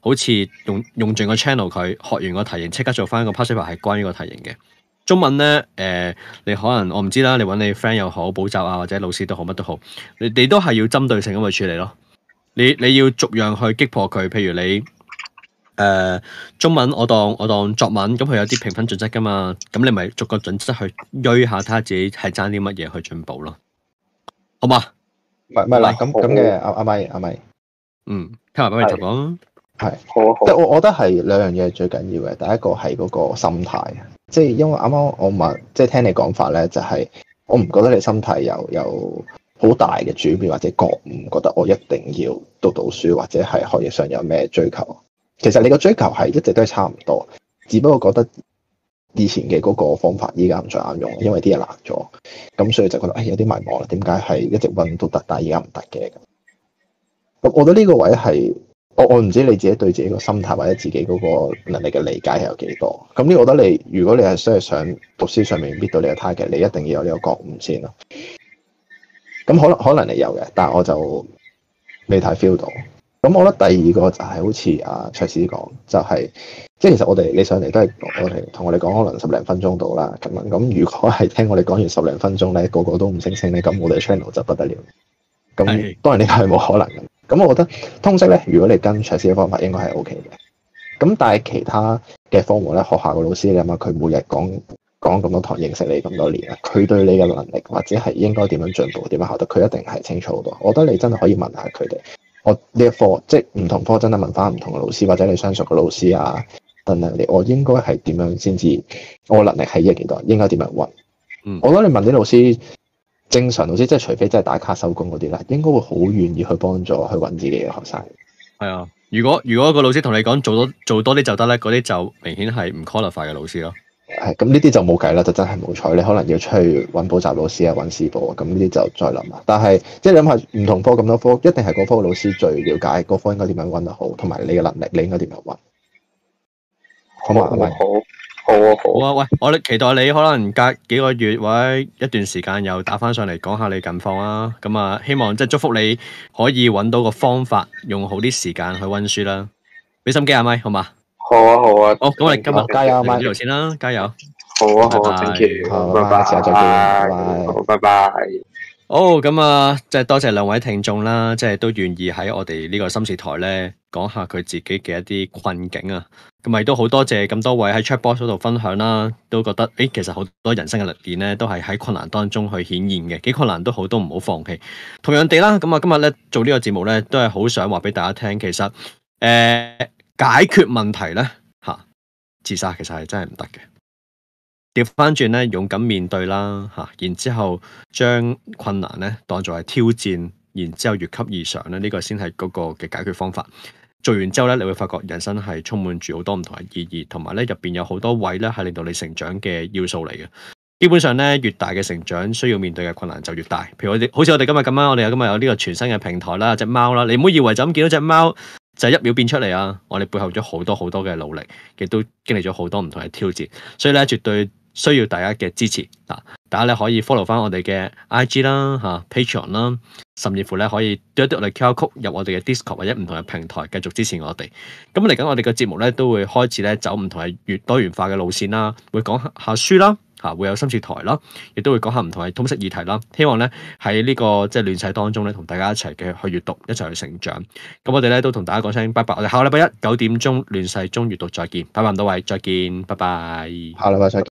[SPEAKER 1] 好似用用盡個 channel 佢學完個題型，即刻做翻個 past paper 係關於個題型嘅。中文咧，誒，你可能我唔知啦，你搵你 friend 又好，補習啊或者老師都好，乜都好，你你都係要針對性咁去處理咯。你你要逐樣去擊破佢，譬如你誒中文，我當我當作文，咁佢有啲評分準則噶嘛，咁你咪逐個準則去追下，他自己係爭啲乜嘢去進步咯，好嘛？唔係啦，咁咁嘅阿阿咪阿咪，嗯，聽埋俾你聽講，
[SPEAKER 2] 係，即係我我覺得係兩樣嘢最緊要嘅，第一個係嗰個心態。即係因為啱啱我問，即係聽你講法咧，就係我唔覺得你心態有有好大嘅轉變或者覺悟，覺得我一定要讀到書或者係學業上有咩追求。其實你個追求係一直都係差唔多，只不過覺得以前嘅嗰個方法依家唔再啱用，因為啲嘢難咗，咁所以就覺得誒、哎、有啲迷茫啦。點解係一直溫都得，但係依家唔得嘅？我我覺得呢個位係。我我唔知你自己對自己個心態或者自己嗰個能力嘅理解係有幾多，咁呢？我覺得你如果你係真係想讀書上面搣到你個 target，你一定要有呢個覺悟先咯。咁可能可能你有嘅，但係我就未太 feel 到。咁我覺得第二個就係好似啊卓 Sir 講，就係、是、即係其實我哋你上嚟都係我哋同我哋講可能十零分鐘到啦咁樣。咁如果係聽我哋講完十零分鐘咧，個個都唔聲聲咧，咁我哋嘅 channel 就不得了。咁當然呢個係冇可能嘅。咁我覺得通識咧，如果你跟長師嘅方法，應該係 OK 嘅。咁但係其他嘅科目咧，學校嘅老師你諗下，佢每日講講咁多堂，認識你咁多年啦，佢對你嘅能力或者係應該點樣進步、點樣學得，佢一定係清楚好多。我覺得你真係可以問下佢哋。我呢一科即係唔同科，真係問翻唔同嘅老師，或者你相熟嘅老師啊，等等你，我應該係點樣先至？我能力係呢幾多？應該點樣揾？嗯，我覺得你問啲老師，正常老師即係除非真係打卡收工嗰啲咧，應該會好願意去幫助去揾自己嘅學生。
[SPEAKER 1] 係啊，如果如果個老師同你講做多做多啲就得咧，嗰啲就明顯係唔 qualified 嘅老師咯。
[SPEAKER 2] 係，咁呢啲就冇計啦，就真係冇彩，你可能要出去揾補習老師啊，揾師傅啊，咁呢啲就再諗啦。但係即係諗下唔同科咁多科，一定係嗰科老師最了解嗰科應該點樣揾得好，同埋你嘅能力，你應該點樣揾？好啊，好。好嗎？
[SPEAKER 1] 好好啊好啊，好啊好啊喂，我哋期待你可能隔幾個月或者一段時間又打翻上嚟講下你近況啦、啊。咁啊，希望即係祝福你可以揾到個方法，用好啲時間去溫書啦，俾心機啊，Mike，好嘛？
[SPEAKER 5] 好啊好啊，好啊，咁好、嗯、我哋今日加油，Mike
[SPEAKER 1] 先啦，加油。好啊好啊 bye bye，thank you，好拜拜，拜拜。好，咁啊，即係、啊、多謝兩位聽眾啦，即係都願意喺我哋呢個心事台咧。講下佢自己嘅一啲困境啊，咁咪都好多謝咁多位喺 chat box 嗰度分享啦、啊，都覺得誒、欸，其實好多人生嘅歷練咧，都係喺困難當中去顯現嘅，幾困難都好，都唔好放棄。同樣地啦，咁啊，今日咧做個節呢個節目咧，都係好想話俾大家聽，其實誒、呃，解決問題咧吓、啊，自殺其實係真係唔得嘅。調翻轉咧，勇敢面對啦吓、啊，然之後將困難咧當作係挑戰，然之後越級而上咧，呢、這個先係嗰個嘅解決方法。做完之後咧，你會發覺人生係充滿住好多唔同嘅意義，同埋咧入邊有好多位咧係令到你成長嘅要素嚟嘅。基本上咧，越大嘅成長需要面對嘅困難就越大。譬如我哋，好似我哋今日咁樣啦，我哋今日有呢個全新嘅平台啦，有隻貓啦，你唔好以為就咁見到隻貓就一秒變出嚟啊！我哋背後咗好多好多嘅努力，亦都經歷咗好多唔同嘅挑戰，所以咧絕對需要大家嘅支持啊！大家咧可以 follow 翻我哋嘅 IG 啦、吓 Patreon 啦，甚至乎咧可以嘟一嘟嚟 QR code 入我哋嘅 Discord 或者唔同嘅平台繼續支持我哋。咁嚟緊我哋嘅節目咧都會開始咧走唔同嘅越多元化嘅路線啦，會講下書啦，吓會有深次台啦，亦都會講下唔同嘅通識議題啦。希望咧喺呢個即係亂世當中咧，同大家一齊嘅去閱讀，一齊去成長。咁我哋咧都同大家講聲拜拜，我哋下個禮拜一九點鐘亂世中閱讀再見，拜拜，各位再見，拜拜，
[SPEAKER 2] 好啦，拜拜。